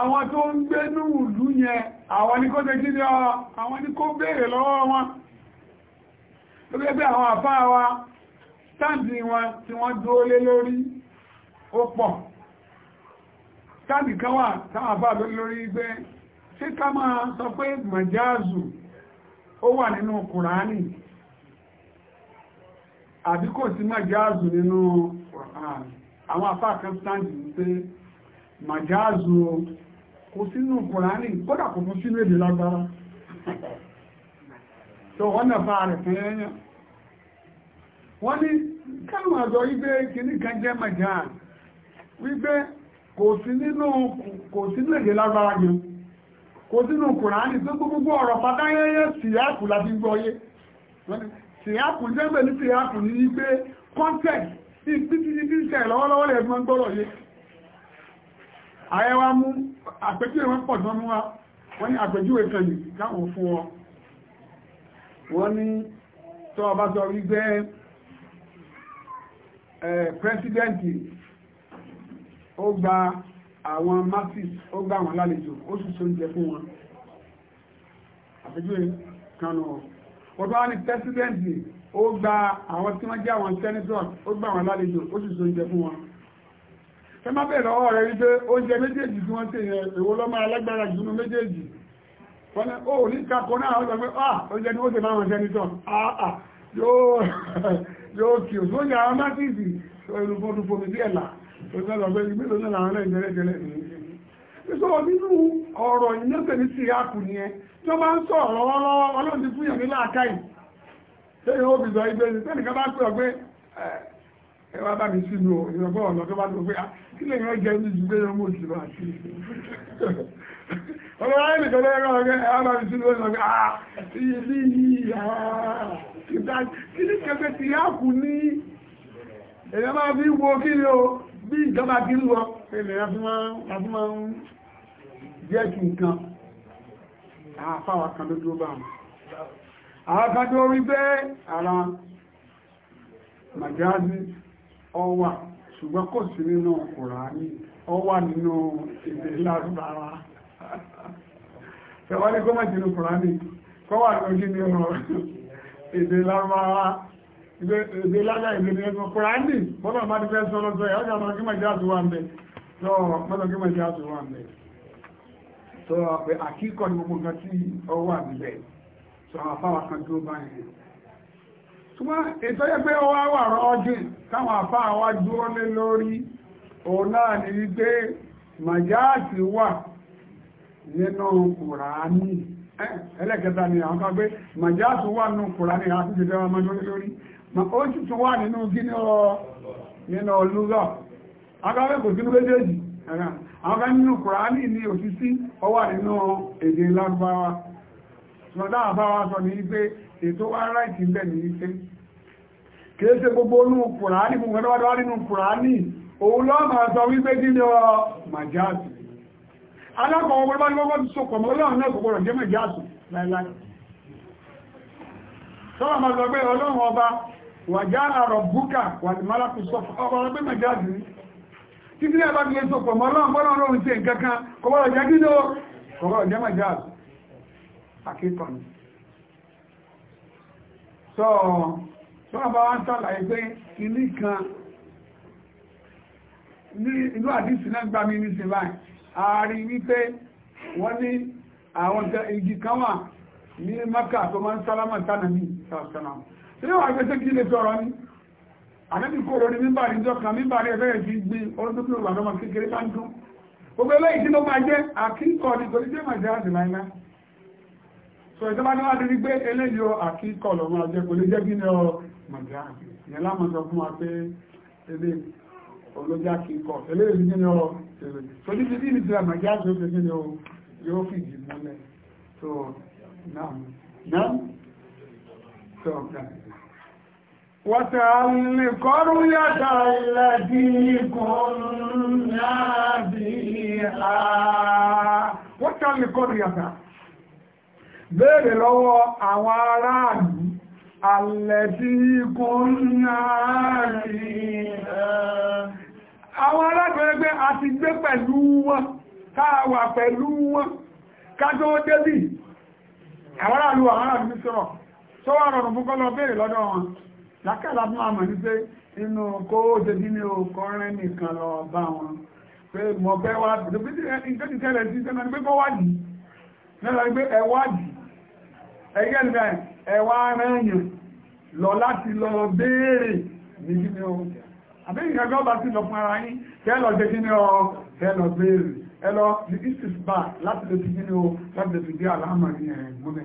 àwọn tó ń gbé ní ìlú yẹn àwọn ní kó ní àwọn ní kó béèrè lọ́wọ́ wọn tó gbé pé àwọn àfá wa wọn tí wọ́n dóólé lórí ó pọ̀ táǹdì kan wà lórí gbé ṣé ká máa sọ pé màjáàzù ó wà nínú kùránì àwọn afá kẹfìtàǹdì wípé màjáàzù o kò sínú kòránì kódà kò fún sínú èdè lágbára tó wọ́n náà fa rẹ̀ fún ẹ̀yàn wọ́n ní kánú àjọ ibẹ̀ kìíní kan jẹ́ màjáàzù wípé kò sí nínú èdè lágbára yẹn kò sínú kòránì tó gbogbo ọ̀rọ̀ pátáyẹ́yẹ́ síyáàkù láti gbọ́yé síyáàkù jẹ́ pẹ̀lú síyáàkù ní wípé context wọ́n ní tó ọba sọ rí gbẹ́ pẹ́sidẹ́ntì ó gba àwọn masses ó gba àwọn lálejò ó sì so ń jẹ fún wọn àpẹjú ẹ̀kanu ọ̀ ọba ní pẹ́sidẹ́ntì ó gba àwọn tí wọ́n jẹ́ àwọn sẹ́nitọ́ ó gba àwọn alálejò ó sì so oúnjẹ fún wọn ẹ má bẹ̀rẹ̀ ọwọ́ rẹ̀ wípé oúnjẹ méjèèjì tí wọ́n tè yẹn èwo lọ́mọ alágbára jùlọ méjèèjì wọ́n ní ó ní kakọ náà ó sọ pé ah oúnjẹ ni ó ti máa sẹ́nitọ́ ah ah yóò kí o sóúnjẹ àwọn mátìsì olùfọdù fomi sí ẹ̀là tó sọ lọ pé ìgbélò náà làwọn náà ìjẹrẹ jẹrẹ ìṣọ́ nínú ọ̀rọ̀ ìyẹ́sẹ̀ ní síyáàkù nìyẹn tí wọ́n bá ń sọ ọ̀rọ̀ ọlọ́run ti fún yàn ní láàkáyìí ṣé ìwọ fi sọ igbe ni sẹ́nìkan bá pè ah, ọ pé ẹ wá bá mi sínú ìrọ̀bọ̀ ọ̀nà tó bá tó pé kí lè yàn jẹ́ ní ìgbé yẹn mú òsì lọ àti ọmọ ayé nìkan ah ilé yìí ah kí ní ah, kẹfẹ́ ti yá kù ní èèyàn máa fi wo kí ni o bí ìjọba ti ń lọ èèyàn fi máa ń jẹ́ kan ló dúró báwọn àákájọ́ orí ara màjáàzí ọwà ṣùgbọ́n kò sí nínú Kùránì ọwà nínú èdè lárúbára tẹwàá ní gómìnà nínú lárúbára má ti fẹ́ sọ lọ́sọ ẹ̀ sọ àfáwà kan tó wà rọ́ọ̀dìn táwọn àfáà wa dúró lé lórí òun náà ní wípé màjáàtì wà nínú kùránì ẹlẹ́kẹta ni àwọn kan pé màjáàtì wà nínú kùránì àti ìjọba ọmọ lórí lórí ó sì tún wà nínú gíní nínú olúgọ́ ṣùgbọ́n àbá wa sọ ní pé ètò wá ráìtì ń bẹ̀ ní pé kìí ṣe gbogbo onú kùránì fún gbẹ́dọ́wọ́dọ́ nínú kùránì òun lọ́mà sọ wípé kí ni ọ màjáàsì alákọ̀ọ́ gbogbo ní gbogbo ti sọkọ̀ mọ́ ọlọ́run náà kòkòrò jẹ́ màjáàsì láíláí sọ́wọ́ máa sọ pé ọlọ́run ọba wàjá àrọ̀ búkà wà ní málákù sọ ọba ọgbẹ́ màjáàsì títí ní ẹ̀bá ti lè sọkọ̀ mọ́ ọlọ́run bọ́lọ́run lóhun àkíkọ̀ ni so tó bá wá ń sàlàyé pé ilé kan ní inú àdísì náà gbámi ní sí láì ààrí wípé wọ́n ní àwọn igi kan wà ní maka tó máa ń sálámà tánà ní sàṣánà tí wọ́n wà gbẹ́sẹ̀ kí lè sọ̀rọ̀ ní àdébí kòrò ní mímbàrí ìjọ kan mímbàrí ẹ̀fẹ́ ti gbé olóṣèlú ìlànà kékeré bá ń dún gbogbo eléyìí tí ló máa jẹ́ àkíkọ̀ nítorí jẹ́ màjá àdìláìláì so ìjọba ní wọ́n ti rí pé eléyìí àkíkọ̀ lọ́wọ́ ajẹ́ kò lè jẹ́ kí ní ọ mọ̀já ìyẹn lámọ̀ sọ fún wa pé ilé olójá kíkọ̀ eléyìí ní ọ tèrè so ní títí ní tìrà mọ̀já tó ṣe kí ní ọ yóò fìdí múlẹ̀ so náà náà so náà وتعل قرية béèrè lọ́wọ́ àwọn aráàlú alẹ́bí kún náà rí àwọn alágbẹ̀ẹ́gbẹ́ a ti gbé pẹ̀lú wọn káàwà pẹ̀lú wọn kájọ́ débì àwọn aráàlú àwọn aráàlú sọ̀rọ̀ tó rọrùn fún kọ́lọ béèrè lọ́dọ̀ wọn lákàlà ẹgẹ́nìgbà ẹwà aráyìn lọ láti lọ béèrè ní gíní o àbẹ́yìn gẹ́gọ́ bá ti lọ fún ara yín kẹ́lọ jẹ́ gíní ọ kẹ́lọ béèrè ẹlọ ní isis bá láti lè fi gíní o láti lè fi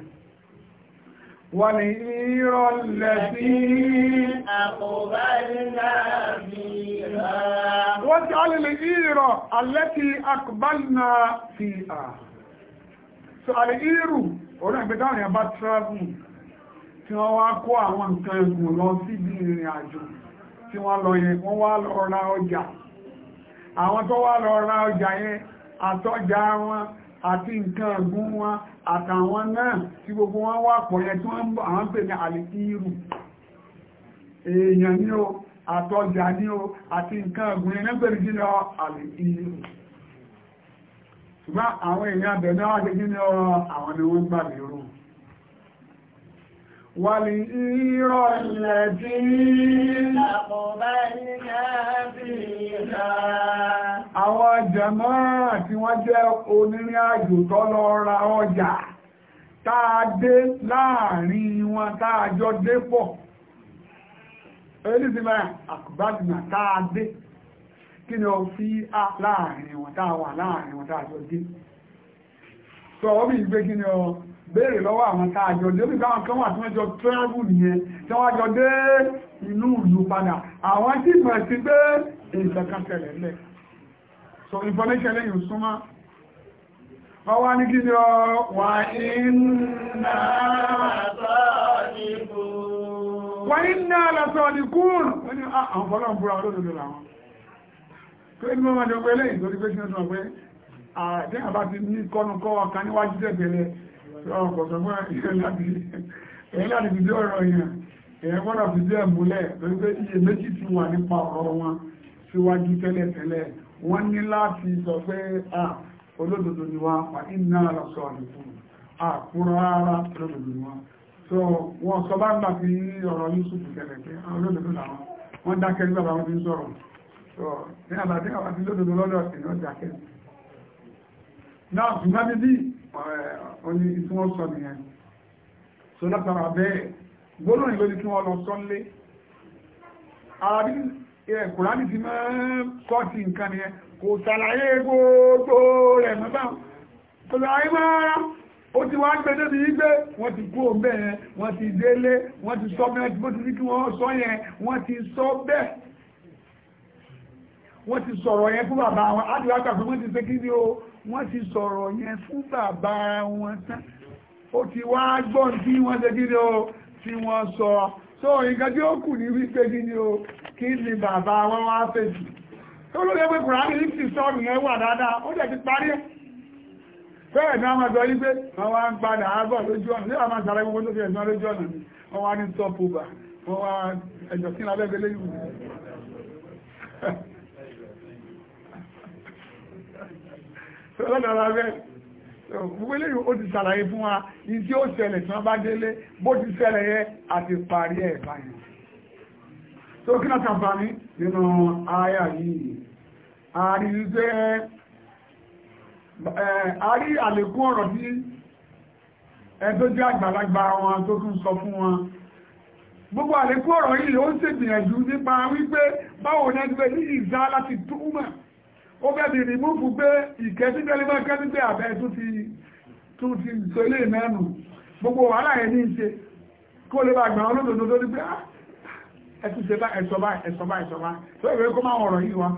orí ẹgbẹ́ táwọn èèyàn bá travel tí wọ́n wá kó àwọn nǹkan ẹ̀gùn lọ síbi ìrìn àjò tí wọ́n lọ yẹn wọ́n wá lọ ra ọjà àwọn tó wá lọ ra ọjà yẹn àtọ́jà wọn àti nǹkan ẹ̀gùn wọn àtàwọn náà tí gbogbo wọn wà pọ̀ yẹn tí wọ́n àwọn pè ní àlìkírù èèyàn ní o àtọ́jà ní o àti nǹkan ẹ̀gùn yẹn náà pẹ̀lú jí àlìkírù ṣùgbọ́n àwọn èèyàn abẹ̀ náà wájẹ́ nínú àwọn ni wọ́n gbà lérò wà ní ìrọ̀ ilẹ̀ tí àwọn jẹ̀mọ́ tí wọ́n jẹ́ onírin àjò tó lọ ra ọjà táa dé láàrin wọn táa jọ dé pọ̀ èyí ti mẹ́ táa dé kí ni ọ fi láàrin wọn tá a wà láàrin wọn tá a jọ dé sọ ọ bí gbé kí ni ọ béèrè lọ́wọ́ àwọn tá a jọ dé bí báwọn kan wà tí wọ́n jọ tẹ́rẹ́bù nìyẹn tí wọ́n jọ dé inú ìlú padà àwọn tí mọ̀ sí pé nǹkan kan tẹ̀lé lẹ̀ so information lẹ́yìn súnmọ́ wọ́n wá ní kí ni ọ wà iná wà iná lọ́sọ̀ọ́dì kúrò wọ́n ní ah, àwọn fọlọ́ǹbùra olódodo tó ní wọ́n máa dọ̀gbọ́ eléyìí lórí pé kí wọ́n sọ pé àdéhà bá ti ní kọ́nu kọ́ ọ̀ka níwájú tẹ̀gbẹ̀lẹ̀ ọkọ̀ sọ fún ẹ̀yìn láti pé iye méjì ti wà nípa ọ̀rọ̀ wọn síwájú tẹ́lẹ̀tẹ́lẹ̀ wọ́n ní láti sọ pé à olódodo ni wọ́n pa iná lọ́sọ àdìkún àkúrọ̀ ara so wọ́n sọ bá ń gbà fi ọ̀rọ̀ Yusuf tẹ́lẹ̀ pé olódodo làwọn wọ́n dákẹ́ nígbà wọ́n fi ń sọ̀rọ̀ ní àbàdé àwọn àti lódòdó lọ́dọ̀ ìlú ọjà kẹ́lù náà ṣùgbọ́n bí bí oní ìtúwọ́n sọ nìyẹn so látara bẹ́ẹ̀ gbóná ìlú ti wọ́n lọ sọ́nlé àbí kùránì ti máa kọ́ sí nǹkan nìyẹn kò ṣàlàyé gbogbo rẹ̀ mọ́bá kò ṣàlàyé máa ó ti wá gbẹ́dẹ́ bí wípé wọ́n ti kú òun bẹ́ẹ̀ wọ́n ti délé wọ́n ti sọ bẹ́ẹ̀ bó ti ní kí wọ́n sọ yẹn wọ́n ti sọ bẹ́ẹ̀ wọ́n ti sọ̀rọ̀ yẹn fún bàbá wọn ádùúgbà pàpẹ́ wọ́n ti ṣe kí ni o wọ́n ti sọ̀rọ̀ yẹn fún bàbá wọn tán ó ti wá gbọ́n tí wọ́n ṣe kí o tí wọ́n sọ tó tí ó kù ní wípé kí wọn wá fèsì tó ló lé pé ní ti ni máa sọ yí pé wọ́n wá ń padà àbọ̀ lójú ọ̀nà ní àwọn àṣàrà gbogbo tó fi ẹ̀sán lójú lọ́dọ̀ọ́ra rẹ̀ gbogbo eléyìí ó ti ṣàlàyé fún wa ní tí ó ṣẹlẹ̀ tí wọ́n bá délé bó ti ṣẹlẹ̀ yẹ àti parí ẹ̀ báyìí tó kí náà tàbí nínú àyà yìí àrí wípé àrí àlékún ọ̀rọ̀ tí ẹ tó jẹ́ àgbàlagbà wọn tó tún sọ fún wọn gbogbo àlékún ọ̀rọ̀ yìí ó ń ṣègbìyànjú nípa wípé báwo nẹ́gbẹ́ ní ìzá láti túmọ̀ ó fẹ́ ti rìmúfù pé ìkẹ́ títẹ́lé máa kẹ́ títẹ́ àbẹ́ tún ti tún ti sọlé mẹ́nu gbogbo wàhálà ẹ̀ ní ṣe kó lè bá gbà wọn lódòdó tó ní pé ah, ẹtún ṣe bá ẹ̀sọ́bá ẹ̀sọ́bá ẹ̀sọ́bá tó ìwé kó máa ọ̀rọ̀ yìí wá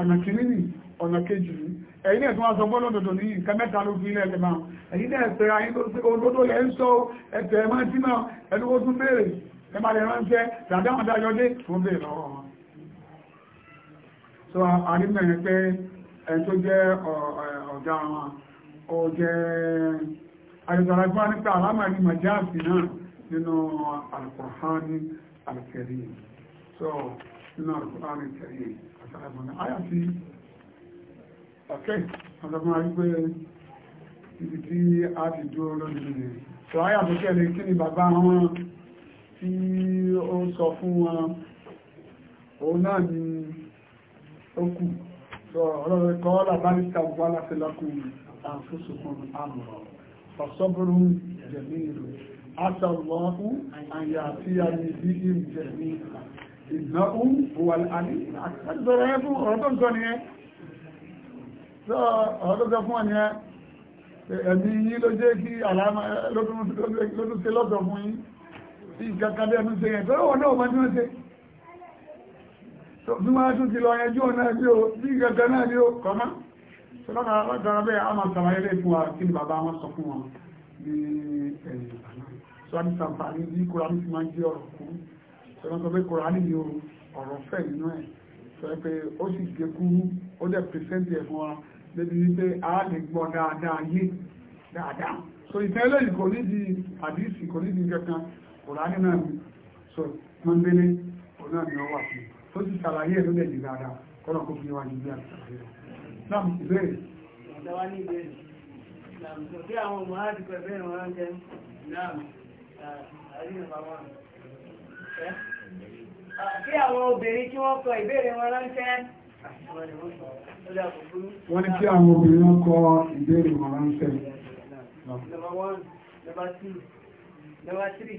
ọ̀nà kìíní ni ọ̀nà kejì ni ẹ̀yin náà tún wá sọ gbọ́ lódòdó ní nǹkan mẹ́ta ló fi ilẹ̀ ẹ̀lẹ́ máa ẹ̀yin náà ṣe ayé olódó lẹ́ ń sọ ẹ̀tẹ̀ ẹ̀ máa tí náà ẹnu ó tún béèrè ẹ̀ máa lè ránṣẹ́ tàbí àwọn adájọ́ dé tó ń béèrè lọ́wọ́ wọn so àrímẹ̀rin pé ẹni tó jẹ́ ọ̀gá wọn ó jẹ́ àrẹ̀sàràgbá nípa alámàrí majáàsì náà nínú alkùrhánì alkẹrì so nínú alkùrhánì alkẹrì àtàràmọ̀nà ayàtí ọ̀kẹ́ ọ̀dọ́mọ̀ wípé to tí a ti dúró lónìí so ayàtí kẹ́lẹ̀ kí ni bàbá wọn tí ó sọ fún wọn òun náà ni ó kù sọ ọlọ́rẹ̀ kan wọ́n làbá ní ká wọ́n láti lọ́kùn àfúsùkùn àmọ̀ fàṣọ́bùrù jẹ̀míìrù àtàwọ̀hù àyà àti àmì ìdíhìm jẹ̀mí ìnáhù wàl àní àtàgbẹ̀rẹ̀ ẹ̀fún ọ̀rọ̀ tó ń sọ nìyẹn sọ ọ̀rọ̀ tó ń sọ fún ọ nìyẹn ẹ̀mí yí ló jẹ́ kí àlámà lótún sí lọ́dọ̀ fún yín sí ìkàkàdé ẹnu ṣe yẹn tó wọ́n náà wọ́n ní wọ́n ṣe bí wọ́n tún ti lọ ẹjọ́ náà ní o bí gẹ̀gẹ̀ náà ní o kọ́mọ́ ṣọlọ́nà alágbára bẹ́ẹ̀ a máa sàmà ilé fún wa kí ni bàbá wọn sọ fún wọn ní ẹ̀yìn sọ́dí sàǹfààní bí kùránì ti máa ń jẹ́ ọ̀rọ̀ kú ṣọlọ́nà pé kùránì ni ọ̀rọ̀ fẹ́ nínú ẹ̀ sọ pé ó sì gé kúrú ó dẹ̀ pèsèntì ẹ̀ fún wa débi wípé a lè gbọ́ dáadáa yé dáadáa so ìtẹ́lẹ̀ yìí kò ní di àdísì kò ní di kankan kùránì náà tó ti ṣàlàyé ẹ̀rọ lẹ̀ yìí dáadáa kọ́nà kó fi wá ní ilé àti ṣàlàyé rẹ̀ náà ìbéèrè. àtàwọn ní ìbéèrè ìlànà tí àwọn ọmọ láti pẹ̀ bẹ́ẹ̀ wọn ń jẹ náà àríyàn bàbá wọn. kí àwọn obìnrin tí wọ́n kọ ìbéèrè wọn ránṣẹ́ wọ́n ní kí àwọn obìnrin wọn kọ ìbéèrè wọn ránṣẹ́. Number one, number two, number three.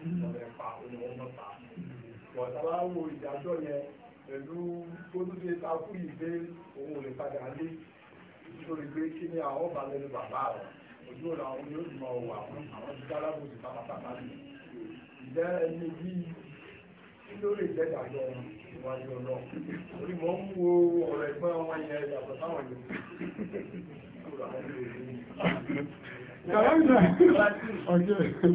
ọ̀rẹ́ pa ọmọ pa bọ̀tàbá wo ìdájọ́ yẹn pẹ̀lú tó takú ìgbé òun ò lè padà lé nítorí pé kí ni àwọn ọba lẹ́nu bàbá rẹ̀ ojú ọ̀la òun yóò mọ òwà fún àwọn ti dálábò sí pátápátá lè ìjẹ́ ẹni bíi kí ló lè jẹ́ ìdájọ́ ìwájú ọ̀nà orí mọ́ ń wo ọ̀rọ̀ ẹ̀gbọ́n wọn yẹn yàtọ̀ sáwọn yòókù Kàlẹ́ńdà ọjọ́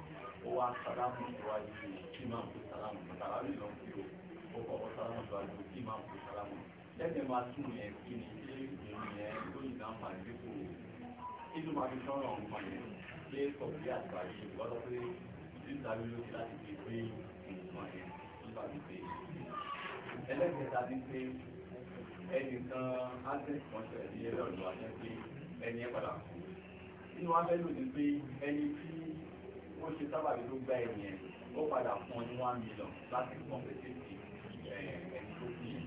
ó wá sàlámù síwájú kí máa ń pè sàlámù tàbí àrí lọ sí o ó kọ́kọ́ sàlámù síwájú kí máa ń pè sàlámù lẹ́gbẹ̀ẹ́ máa tún yẹn kí ni ṣé ìrìn yẹn tó yìí náà máa dé kò kí ló máa fi sọ́nà ọ̀gbà yẹn ṣé kọ̀ọ̀bí àgbáyé ìgbọ́dọ̀ pé ìdíjáwé ló ti láti fi gbé ìgbọ̀n yẹn nípa gbígbé ẹlẹ́gbẹ̀ẹ́ta ní pé ẹnì kan ásẹ̀sì kan ṣẹlẹ̀ ní ẹlẹ́ ọ̀dọ́ pé ẹni ẹ padà kú nínú abẹ́lò ní pé ẹni tí ó ṣe sábàbí ló gba ẹ̀yìn ẹ̀ ó padà fún ọ ní one million láti compensate eh, ẹni tó kú yẹn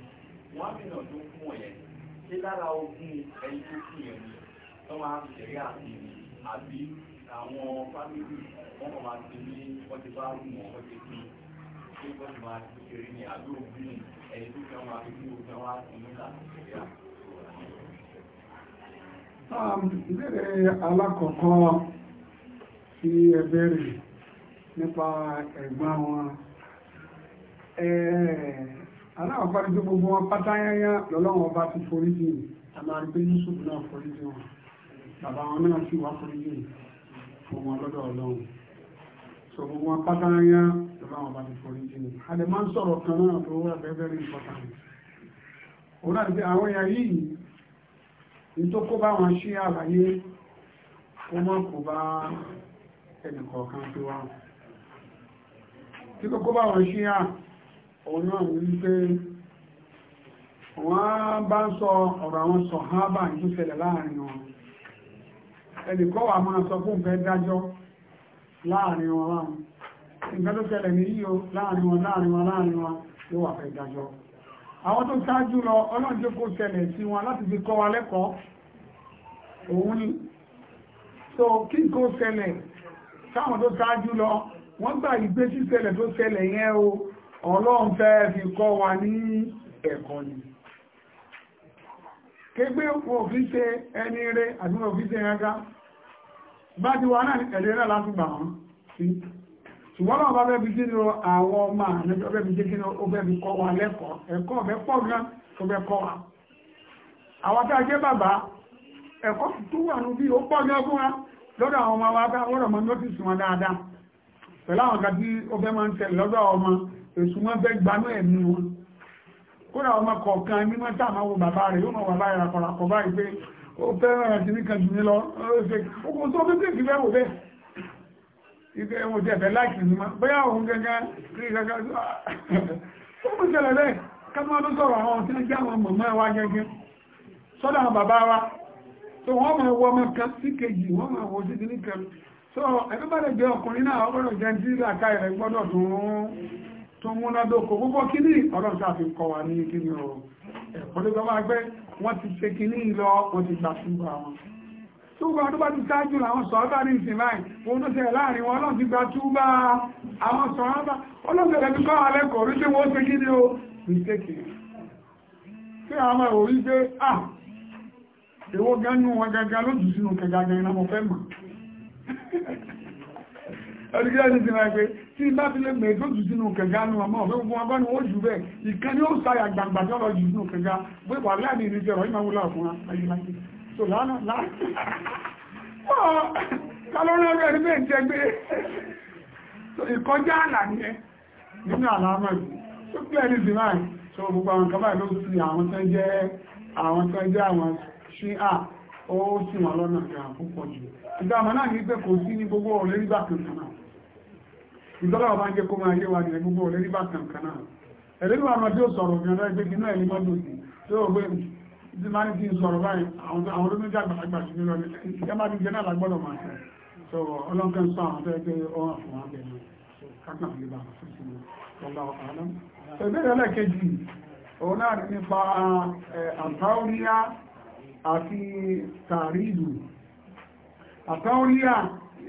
one million tó fún ọ yẹn ṣé lára ogún ẹni tó kú yẹn ni wọ́n máa ń ṣẹ̀rí àti àbí àwọn fámìlì wọ́n kàn máa ti ní wọ́n ti bá rùn wọ́n ti pín ṣé wọ́n ti máa ti ṣeré ní àbí ogún ẹni tó fẹ́ wọn àbí kí ó fẹ́ wọn á ti ní láti ṣẹ̀rí àti. Um, ìbéèrè alákọ̀ọ́kọ́ tí ẹ bẹ̀rẹ̀ nípa ẹ̀gbọ́n wọn aláwọ̀ bá dúró gbogbo wọn pátáyáyá lọ́lọ́wọ́ bá ti forí jì àmàrí pé Yusuf náà forí jì wọn bàbá wọn náà sì wá forí jì fún wọn lọ́dọ̀ Ọlọ́run so gbogbo wọn pátáyáyá lọ́lọ́wọ́ bá ti forí jì alẹ́ máa ń sọ̀rọ̀ kan náà tó wà very very important òun àti àwọn èèyàn yìí ní tó kó bá wọn ṣe àlàyé ó mọ̀ kó bá ẹnìkọ̀ọ̀kan tó wá tí kókó bá wọ́n ṣí à òun náà ní pé wọ́n bá ń sọ ọ̀rọ̀ àwọn sọ̀hábà tó ṣẹlẹ̀ láàrin wọn ẹnìkọ́ wà máa sọ fún fẹ́ dájọ́ láàrin wọn láàrin nǹkan tó ṣẹlẹ̀ ní yíò láàrin wọn láàrin wọn láàrin wọn ló wà fẹ́ dájọ́ àwọn tó ṣáájú lọ ọlọ́jọ́ kó ṣẹlẹ̀ sí wọn láti fi kọ́ wa lẹ́kọ̀ọ́ òun ni so kí nǹkan ṣẹlẹ̀ sáwọn tó ṣáájú lọ wọ́n gbà ìgbé síṣẹlẹ̀ tó ṣẹlẹ̀ yẹn o ọlọ́run fẹ́ fi kọ́ wa ní ẹ̀kọ́ ni kégbé òfin ṣe ẹni rẹ̀ àti òfin ṣe ẹ̀gá bá ti wà náà ẹ̀lẹ́ rẹ̀ láti gbà wọ́n sí ṣùgbọ́n náà bá fẹ́ fi sínú àwọn ọmọ àmẹ́jọ fẹ́ fi ṣe kí ó fẹ́ fi kọ́ àwọn tá lọ́dọ̀ àwọn ọmọ wa bá wọ́rọ̀ mọ́ nọ́tìsì wọn dáadáa pẹ̀lú àwọn kan tí ó fẹ́ máa ń tẹ̀lé lọ́dọ̀ ọmọ èsù wọn fẹ́ gbanú ẹ̀mí wọn kódà ọmọ kọ̀ọ̀kan ní wọ́n tà máa wo bàbá rẹ̀ yóò bàbá rẹ̀ pé ó fẹ́ rẹ̀ ní kan jù mí lọ ma so wọ́n máa wọ ọmọ kan sí kejì wọ́n máa wọ sí kìíní kan so everybody bá lè jẹ́ ọkùnrin náà ọgbọ́dọ̀ jẹ́ tí ìlàkà rẹ̀ gbọ́dọ̀ tó múnádókò gbogbo kìíní ọlọ́run sáà fi kọ wà ní kìíní ọ̀rọ̀ ẹ̀kọ́ tó gbọ́dọ̀ pé wọ́n ti ṣe kìíní lọ wọ́n ti gbà túbà wọn túbà tó bá ti ṣáájú làwọn sọ̀rọ̀bà ní ìsìn báyìí wọn tó ṣẹlẹ̀ láàrin wọn ọlọ́run ti gbà túbà àwọn sọ̀rọ̀bà ọlọ́run tẹ̀lé fi kọ́ alẹ́ èwo gánú wọn gaga lójú sínú kẹgagà iná mọ̀ fẹ́ mọ̀ ẹ̀rùgbẹ́ ní ti máa pé tí bá fi lè mẹ́ lójú sínú kẹgà nù ọmọ ọ̀fẹ́ gbogbo wọn bá ní wọ́n ni ó sáyà gbàgbà tí ọlọ́jù sínú kẹgà pé wà láàmì ìrìnjẹ́ ọ̀rọ̀ ìmọ̀ so lánàá láàá kálọ́rọ́ ẹgbẹ́ ẹni bẹ́ẹ̀ jẹ́ gbé so gbogbo àwọn kan báyìí ló ti àwọn tó jẹ́ àwọn tó jẹ́ àwọn ṣíà ó sì wọ́n lọ́nà ìrìn àpúpọ̀ jù ìgbàmọ̀ náà ní pé kò sí ní gbogbo ọ̀rẹ́ nígbà kankan náà ìjọba ọba jẹ́ kó máa yé wa nílẹ̀ gbogbo ọ̀rẹ́ nígbà kankan náà ẹ̀lẹ́gbà ọmọ tí ó sọ̀rọ̀ ìrìn ọ̀rẹ́ ìgbẹ́gbẹ́ náà ẹni mọ́dún sí tó gbé tí máa ní ti sọ̀rọ̀ báyìí àwọn olómìnira àgbàlagbà sí nílọ ní ìjọba ti jẹ́ náà lágbọ́dọ̀ máa ṣe so ọlọ́nkẹ́ ń sọ àwọn tó ẹgbẹ́ ọ̀rọ̀ fún wa bẹ̀rẹ̀ kákan lè bá fún sí ọba ọ̀hánà ìbéèrè ẹlẹ́kejì òun náà nípa àǹtáwíyá àti tàrídù àtàóríà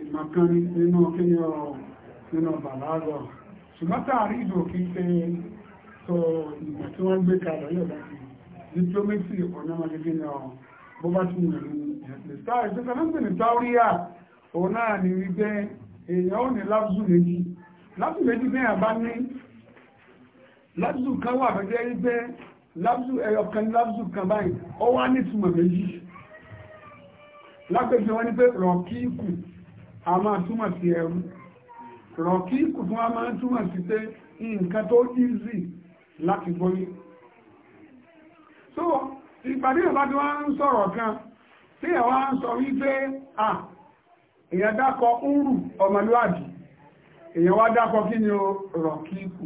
ìmọ̀kan nínú kíni ọ̀rọ̀ nínú bàlágọ̀ ṣùgbọ́n tàrídù kí ń pé tó ìgbà tí wọ́n gbé kalẹ̀ yóò bá ti diplomacy ọ̀nàmọ́lé kíni ọ̀rọ̀ bó bá ti mọ̀ ní ẹ̀sìn táà ìjọba náà ń pè ní tàóríà òun náà ni wípé èèyàn ò ní lábùsù méjì lábùsù méjì bẹ́ẹ̀ lábùsù ẹyọkan ní lábùsù kan báyìí ó wá ní ìtumọ̀ méjì lápẹjọ wọn ni pé rọ̀kíkù a máa túmọ̀ sí ẹrú rọ̀kíkù fún a máa túmọ̀ sí pé nǹkan tó easy láti gbóyé so ìpàdé ìbá tí wọ́n ń sọ̀rọ̀ kan tí ẹ̀wọ́n ń sọ wípé à èyàn dákọ̀ oòrù ọmọlúwàbí èyàn wá dákọ̀ kí ni ó rọ̀kíkù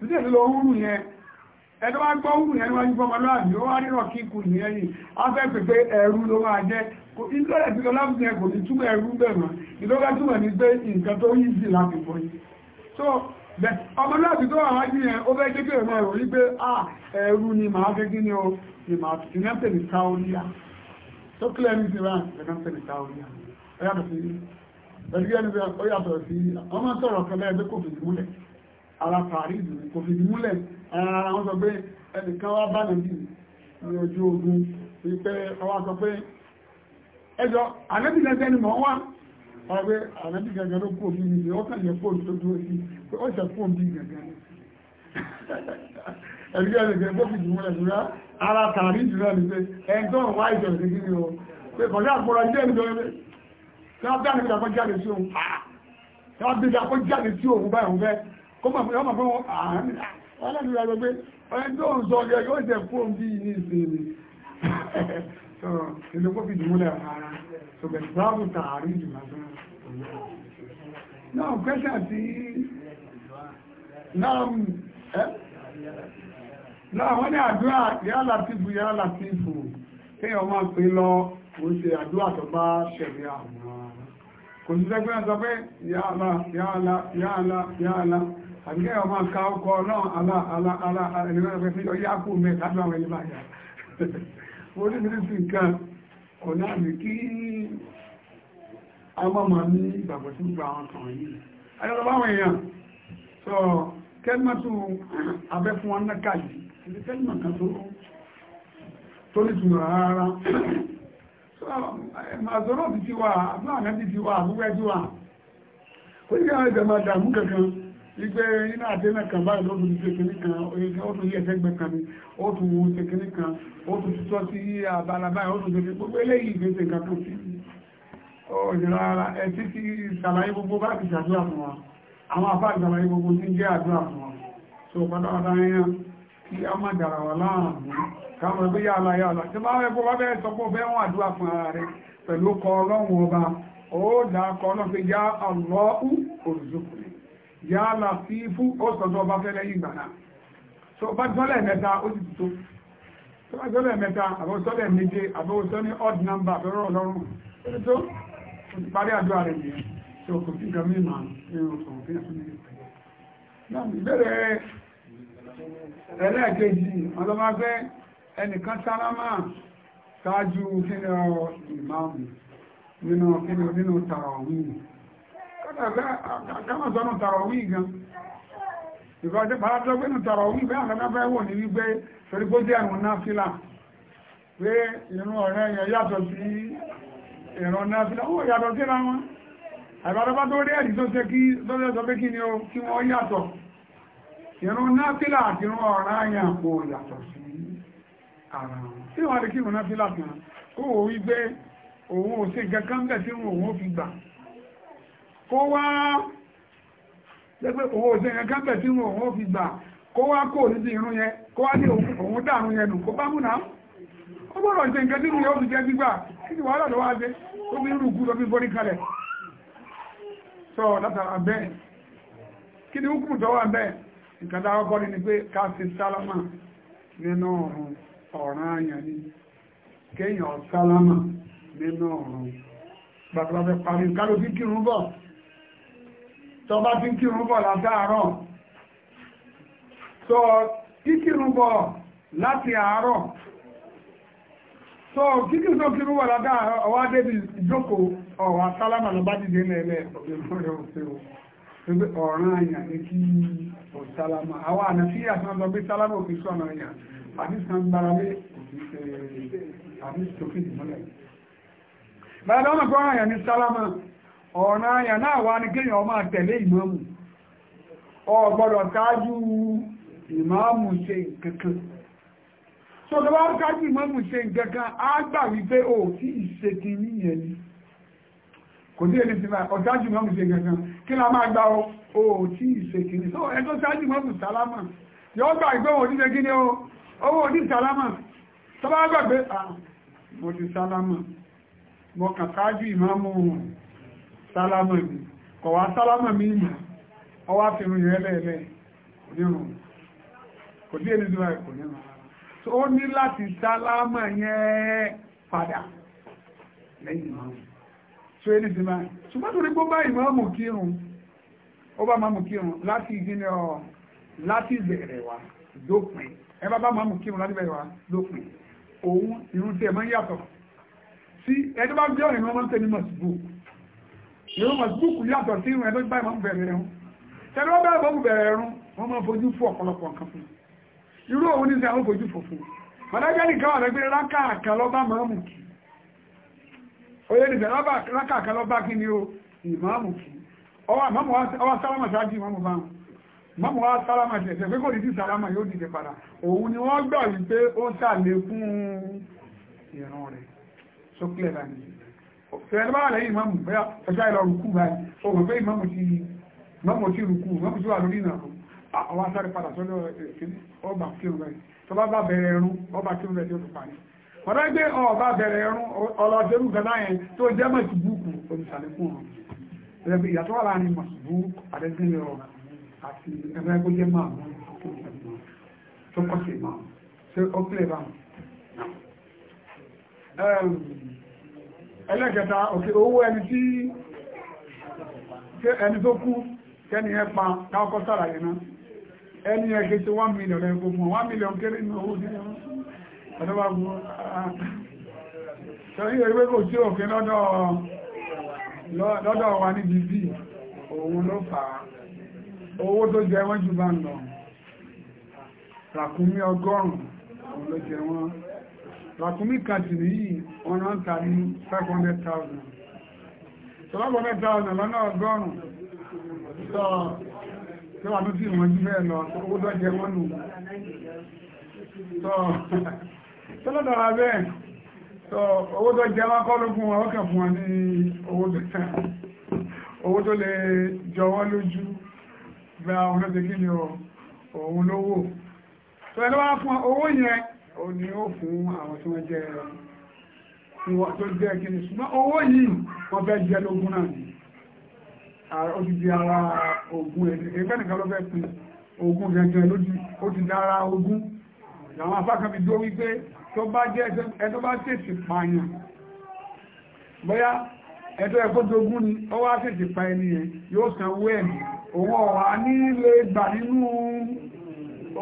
títẹ̀ lọ oòrù yẹn ẹni wá gbọ́ wù ẹni wá gbọ́ ọmọlúwàbí ó wá nírọ̀ kíkù ní ẹni afẹ́fẹ́ pé ẹ̀rú ló máa jẹ́ ìlọ́lẹ̀ tí lọ́lá fún ẹkùn ní túmọ̀ ẹ̀rú bẹ̀rẹ̀ ìlọ́gá túmọ̀ ní pé nǹkan tó yí sí láti bọ̀ yìí so ọmọlúwàbí tó wà wájú yẹn ó fẹ́ kékeré máa rò wípé ah ẹ̀rú ni màá fẹ́ kí ni o ni màá fi náà tẹ̀lé sáóríà tó kílẹ̀ ní ti rán ẹ̀rọ tẹ̀lé sáóríà ó yàtọ̀ sí ọmọ sọ̀rọ̀ kan lẹ́ẹ̀dẹ́ kò fìdí múlẹ̀ ara tààrí ìlú kò fi múlẹ̀ ara wọn sọ pé ẹnìkan wá bá nàbí ní ojú ogun wípé ọwá sọ pé ẹjọ́ ànábì gẹ́gẹ́ ni mọ̀ wá ọ̀rọ̀ pé ànábì gẹ́gẹ́ ló kú omi nìyẹn ó kàn yẹ fóònù tó dúró sí pé ó ṣe fóònù bí gẹ́gẹ́ ẹ̀rí ẹ̀rẹ̀gẹ́ tó fi jù múlẹ̀ ṣùgbọ́n ara tààrí ìlú náà ni pé ẹni tó ń wá ìjọ ìdíkí ni ó pé kọjá àkúrọ̀ ilé ìjọ ilé tí wọ́n bá níbi àkọ́jáde sí òun báyìí òun fẹ́ mọ̀ pé ọmọ pé wọ́n àárín alẹ́lúra gbogbo ọ̀rẹ́ tó ń sọ ọ̀rẹ́ yóò jẹ́ fún bí ní ìsinmi so ìlú kó fi jùmúlẹ̀ ara so bẹ̀ báwù tààrí jùmọ̀ náà kẹ́sà àdúrà yá látífù yá látífù kéèyàn máa pè lọ wọ́n ṣe àdúrà tó bá ṣẹ̀rí àwọn kò sí sẹ́gbẹ́ sọ yá àlá yá àlá yá àlá yá àlá àbíkẹ́ ọmọ ká ọkọ̀ náà aláàlá ẹ̀lẹ́gbẹ̀rẹ̀ sí ọyá kú mẹ́ kájú àwọn ẹ̀lẹ́gbà yà oríṣiríṣi nǹkan ọ̀nà àmì kí amọ́mọ́ ní ìgbàgbọ́ tí gbogbo àwọn kan yìí ayọ́lọ́ báwọn èèyàn sọ kẹ́lmọ́tù abẹ́ fún wọn náà kàyí ibi kẹ́lmọ́ kan tó tó ní tùmọ̀ rárá sọ màzọ́rọ̀ ti ti wà àbúrò àná ti ti wà àbúrò ẹ̀ ti wà kó ní àwọn ìbẹ̀ máa dààmú kankan wípé nínú àdénà kan báyìí ló tún ṣe kìíní kan oye ó tún yí ẹ̀fẹ́gbẹ̀ kan ni ó tún wo ṣe kìíní kan ó tún tutọ́ sí abala báyìí ó tún ṣe gbogbo eléyìí ìgbésẹ̀ nǹkan tó sí ọ̀dìrà ara ẹtí ti ṣàlàyé gbogbo bá ti ṣàdúrà fún wa àwọn afá ìṣàlàyé gbogbo ti ń jẹ́ àdúrà fún wa so pátápátá yẹn kí a má dàrà wà láàmú káwọn ẹgbẹ́ yà á yà á tí máa rẹ̀ kó wá bẹ́ẹ̀ sọ pé ó fẹ́ wọn àdúrà fún ara rẹ̀ pẹ̀lú kọ ọlọ́run ọba yà Làtífù ọ̀sọ̀tọ̀ ọba fẹ́lẹ́ yìí gbà so bá jọ́lẹ̀ mẹ́ta ó ti tó tó bá jọ́lẹ̀ mẹ́ta àbọ̀sọ́lẹ̀ méje àbọ̀sọ́ ní odd number àbẹ̀rọ̀ ọlọ́run ó ti tó ó ti parí àdúrà rẹ̀ nìyẹn so kò sí gan mímọ̀ nínú ọ̀sán fi hàn nílé náà ìbéèrè ẹlẹ́ẹ̀kejì ọlọ́mọgbẹ́ ẹnìkan sálámà ṣáájú kí ìmáàmù nínú nínú kámọ̀sọ́nù tàràwí gan ìfọ́jẹ́ pàájọ́gbẹ́nù tàràwí bẹ́ àkàtàfẹ́ wò ní wípé sọ́rígbójẹ́ àrùn náà fílà pé ìrún ọ̀rẹ́ yẹn yàtọ̀ sí ìrún náà fílà ó yàtọ̀ sí láwọn àbádọ́bá tó rí ẹ̀rí tó ṣe kí lọ́lẹ́ sọ pé kí ni ó kí wọ́n yàtọ̀ ìrún náà fílà àti ìrún ọ̀rẹ́ yẹn kò yàtọ̀ sí ara wọn tí wọ́n lè kí ìrún náà fílà kan ó wò wípé òun ò sí gẹ́gẹ́ kan kó wá lẹ́gbẹ́ owó òṣèrè yẹn kẹ́pẹ̀ tí òun fi gbà kó wá kó níbi irun yẹn kó wá ní òun yẹn nù kó bá múnà ó nǹkan tí fi jẹ́ gbígbà kí ni wàhálà lọ́wọ́ fi rú fi kalẹ̀ sọ látara ni bẹ́ẹ̀ nǹkan tá a kọ́ ni pé ká sálámà nínú ọ̀run tó bá ti ń kírun bọ̀ látàárọ̀ tó kíkírun bọ̀ láti àárọ̀ tó kíkírun tó kírun bọ̀ látàárọ̀ ọwá débi ìjókòó ọ̀wà sálámà ló bá dìde lẹ́lẹ́ ọ̀ràn àyàn ní kí ọ̀ sálámà àwọn ànàfíà tí wọ́n sọ pé sálámà òfin sọ̀nà àyàn àti sàǹgbàràwé ìmọ́lẹ̀ bàbá ọmọ kọ́ àyàn ní sálámà ọ̀nà ayà náà wà ní kéèyàn máa tẹ̀lé ìmáàmù ó gbọ́dọ̀ kájú ṣe nkankan so tó bá ṣe nkankan á gbà wípé ó tí ìṣètì níyẹn ni kò tí èdè ti bá ọ̀tájú ìmáàmù ṣe nkankan kí gba so ẹ tó sálámà yóò gbà kí ni owó sálámà tó bá ah, mo ti sálámà mo sálámà mi kọ̀wá sálámà mi yìí ọwá fi rú yẹn lẹ́ẹ̀lẹ́ onírun kò dí ènìyàn ìwà ẹ̀kọ́ nínú so ó ní láti sálámà yẹn padà lẹ́yìn ìmọ̀ so ènìyàn ti máa ṣùgbọ́n torí gbogbo ìmọ̀ mú kírun ó bá máa mú kírun láti ìdíni ọ láti ìbẹ̀rẹ̀ wa dópin ẹ bá máa mú kírun láti ìbẹ̀rẹ̀ ìrún mọ̀síbùkù yàtọ̀ sí ìrún ẹ̀dọ́ báyìí máa ń bẹ̀rẹ̀ ẹ̀rún tẹ́lẹ̀ wọ́n bẹ̀rẹ̀ bọ́ọ̀bù bẹ̀rẹ̀ ẹ̀rún wọ́n máa fojú fún ọ̀pọ̀lọpọ̀ nǹkan fún irú òun ní sẹ́ àwọn fojú fò fún mọ̀lẹ́gẹ́ nìkan wà lẹ́gbẹ́ rákàkà lọ́bá máàmù kì oyè nìkan rákàkà lọ́bá kí ni o ìmáàmù kì ọwà sálámà sáájú ìmáàmù bá mọ́mù wá sálámà sí ẹ̀sẹ̀ pé kò ní sí sálámà yóò dìde padà òun ni wọ́n gbà wípé ó sàlékún ìran rẹ̀ sókè lánìí sẹ́yìn bá wà lẹ́yìn ìmáàmù bẹ́ẹ̀ ọjọ́ ìlọ rùkú báyìí ó mọ̀ pé ìmáàmù ti ìmáàmù ti rùkú ìmáàmù ti wà lórí ìnà àwọn asáré padà sọ́dọ̀ ọba kírun rẹ̀ tó bá bá bẹ̀rẹ̀ ẹrún ọba kírun rẹ̀ yóò fi parí ọ̀dọ́ gbé ọba bẹ̀rẹ̀ ẹrún ọlọ́dẹ́rù gánà yẹn tó jẹ́ mọ̀ ìbùkù olùsàlékún ọ̀run ẹ̀rẹ́bí ìyàtọ̀ wà láàrin màṣùbú àdẹ́gbẹ̀rẹ̀ ọ̀rọ̀ àti ẹ̀rẹ́ bó jẹ́ máa mú tó kọ́ sí máa ṣe ó pè bá ẹlẹ́kẹta òkè owó ẹni tí ẹni tó kú kẹni ẹ pa káàkọ́ sàlàyé náà ẹni ẹ kéṣe 1 million ẹ gbogbo 1 million kéré ní owó ní ọdọ́bà gbogbo ṣe yíò ìwé kò tí òkè lọ́dọ̀ wa ní bíbí òun ló fà á owó tó jẹ wọ́n jù bá ń lọ ràkúnmí ọgọ́rùn-ún òun ló jẹ wọ́n ràkúnmí kan sì ní yìí wọ́n rán ta ní 500,000 700,000 lọ́nà ọgọ́rùn-ún sọ tí wà tó sì wọ́n jú bẹ́ẹ̀ lọ owó dọ́jẹ wọ́n nù tó lọ́dọ̀ra bẹ́ẹ̀ sọ owó tó jẹ wọ́n kọ́ lókun wọn ọkẹ̀ fún wọn ní owó tó lè jọ wọ́n lójú bẹ́ẹ̀ àwọn ọ̀rẹ́ òun lówó tó ẹlọ́wà fún owó yẹn ó ní ó fún àwọn tí wọ́n jẹ́ tó jẹ́ ṣùgbọ́n owó yìí wọ́n fẹ́ jẹ́ lógún náà ní ó ti di ara ogun ẹgbẹ́ nìkan ló fẹ́ ogun gẹ̀gẹ̀ lójú ó ti di ara ogun àwọn afákan wípé tó bá jẹ́ ẹjọ́ bá pààyàn bóyá ẹjọ́ ẹ̀kọ́ dogun ni ó wá pa yóò san owó ẹ̀mí ọ̀wà nílé gbà nínú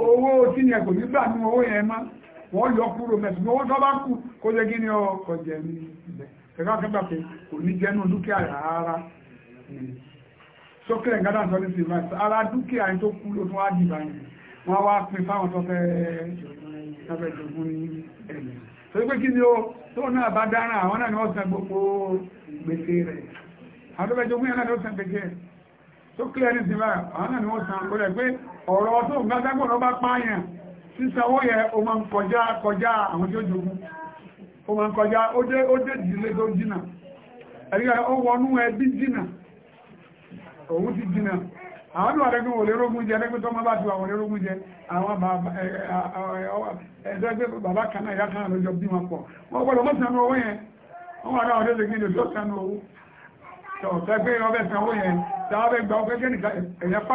owó tí ní gbà wọ́n yọ kúrò mẹ́sì ní owó tó bá kú kó jẹ́ kí ni ọkọ̀ jẹ ní ibẹ̀ ẹ̀ka kẹta pé kò ní jẹ́nu dúkìá rárá sókèlè gádà sọ ní sinimá ara dúkìá yìí tó kú ló tún wá dìbà yìí wọ́n wá pín fáwọn tó fẹ́ ẹ̀ẹ́dẹ̀ jogún ní ẹ̀yìn tó pé kí ni ó tó náà bá dára àwọn náà ni wọ́n san gbogbo gbèsè rẹ̀ àwọn tó fẹ́ yẹn náà ni ó san gbèsè rẹ̀ ní sinimá àwọn náà ni wọ́n san gbọ́dọ̀ pé ọ̀rọ̀ tó ń gbàdágbọ̀n sísanwó yẹ o ma ń kọjá àwọn tí ó jogun o ma ń kọjá ó dé ìdílé tó jìnà ẹ̀ríkà ó wọnú ẹbí jìnà òun ti jìnà àwọn wà jẹ tó bá ti wà jẹ àwọn ẹ̀ẹ́dẹ́gbẹ́ bàbá ìyá lójọ bí wọn pọ̀ wọ́n gbọ́dọ̀ owó yẹn wọ́n wà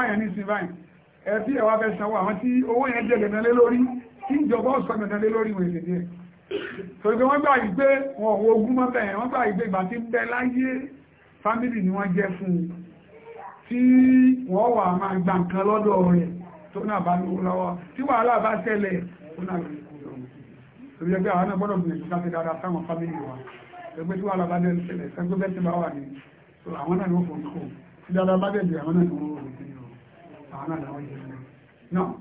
ọdẹ́sẹ̀ owó ẹbí ẹwà fẹ́ sanwó àwọn tí owó yẹn jẹ́ gẹ̀dẹ̀lé lórí tí ìjọba ọ̀sán gẹ̀dẹ̀lé lórí wọ́n èdè díẹ̀ torí pé wọ́n gbà yìí pé wọn ò ogún mọ́ bẹ̀rẹ̀ wọ́n gbà yìí pé ìgbà tí ń bẹ láyé fámìlì ni wọ́n jẹ́ fún un tí wọ́n wà máa gbà nǹkan lọ́dọ̀ rẹ̀ tó náà bá lówó lọ́wọ́ tí wàhálà bá tẹ̀lẹ̀ ó náà lè kú lọ́wọ́ torí ẹgbẹ́ àwọn náà gbọ́dọ̀ gbìyànjú láti dáadáa sáwọn fámìlì wa ẹgbẹ́ tí wàhálà bá tẹ̀lẹ̀ sẹ́gbẹ́ bẹ́ẹ̀ ti bá wà ní àwọn náà ni wọ́n fò ń kó tí dáadáa bá tẹ̀lẹ̀ àwọn náà ni wọ́n rò àwọn náà làwọn yìí rẹ̀ náà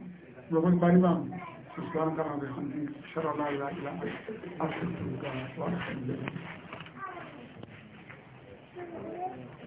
rọ̀gbọ́n parí bá mi sùsùlọ́nù kama bẹ̀ hàn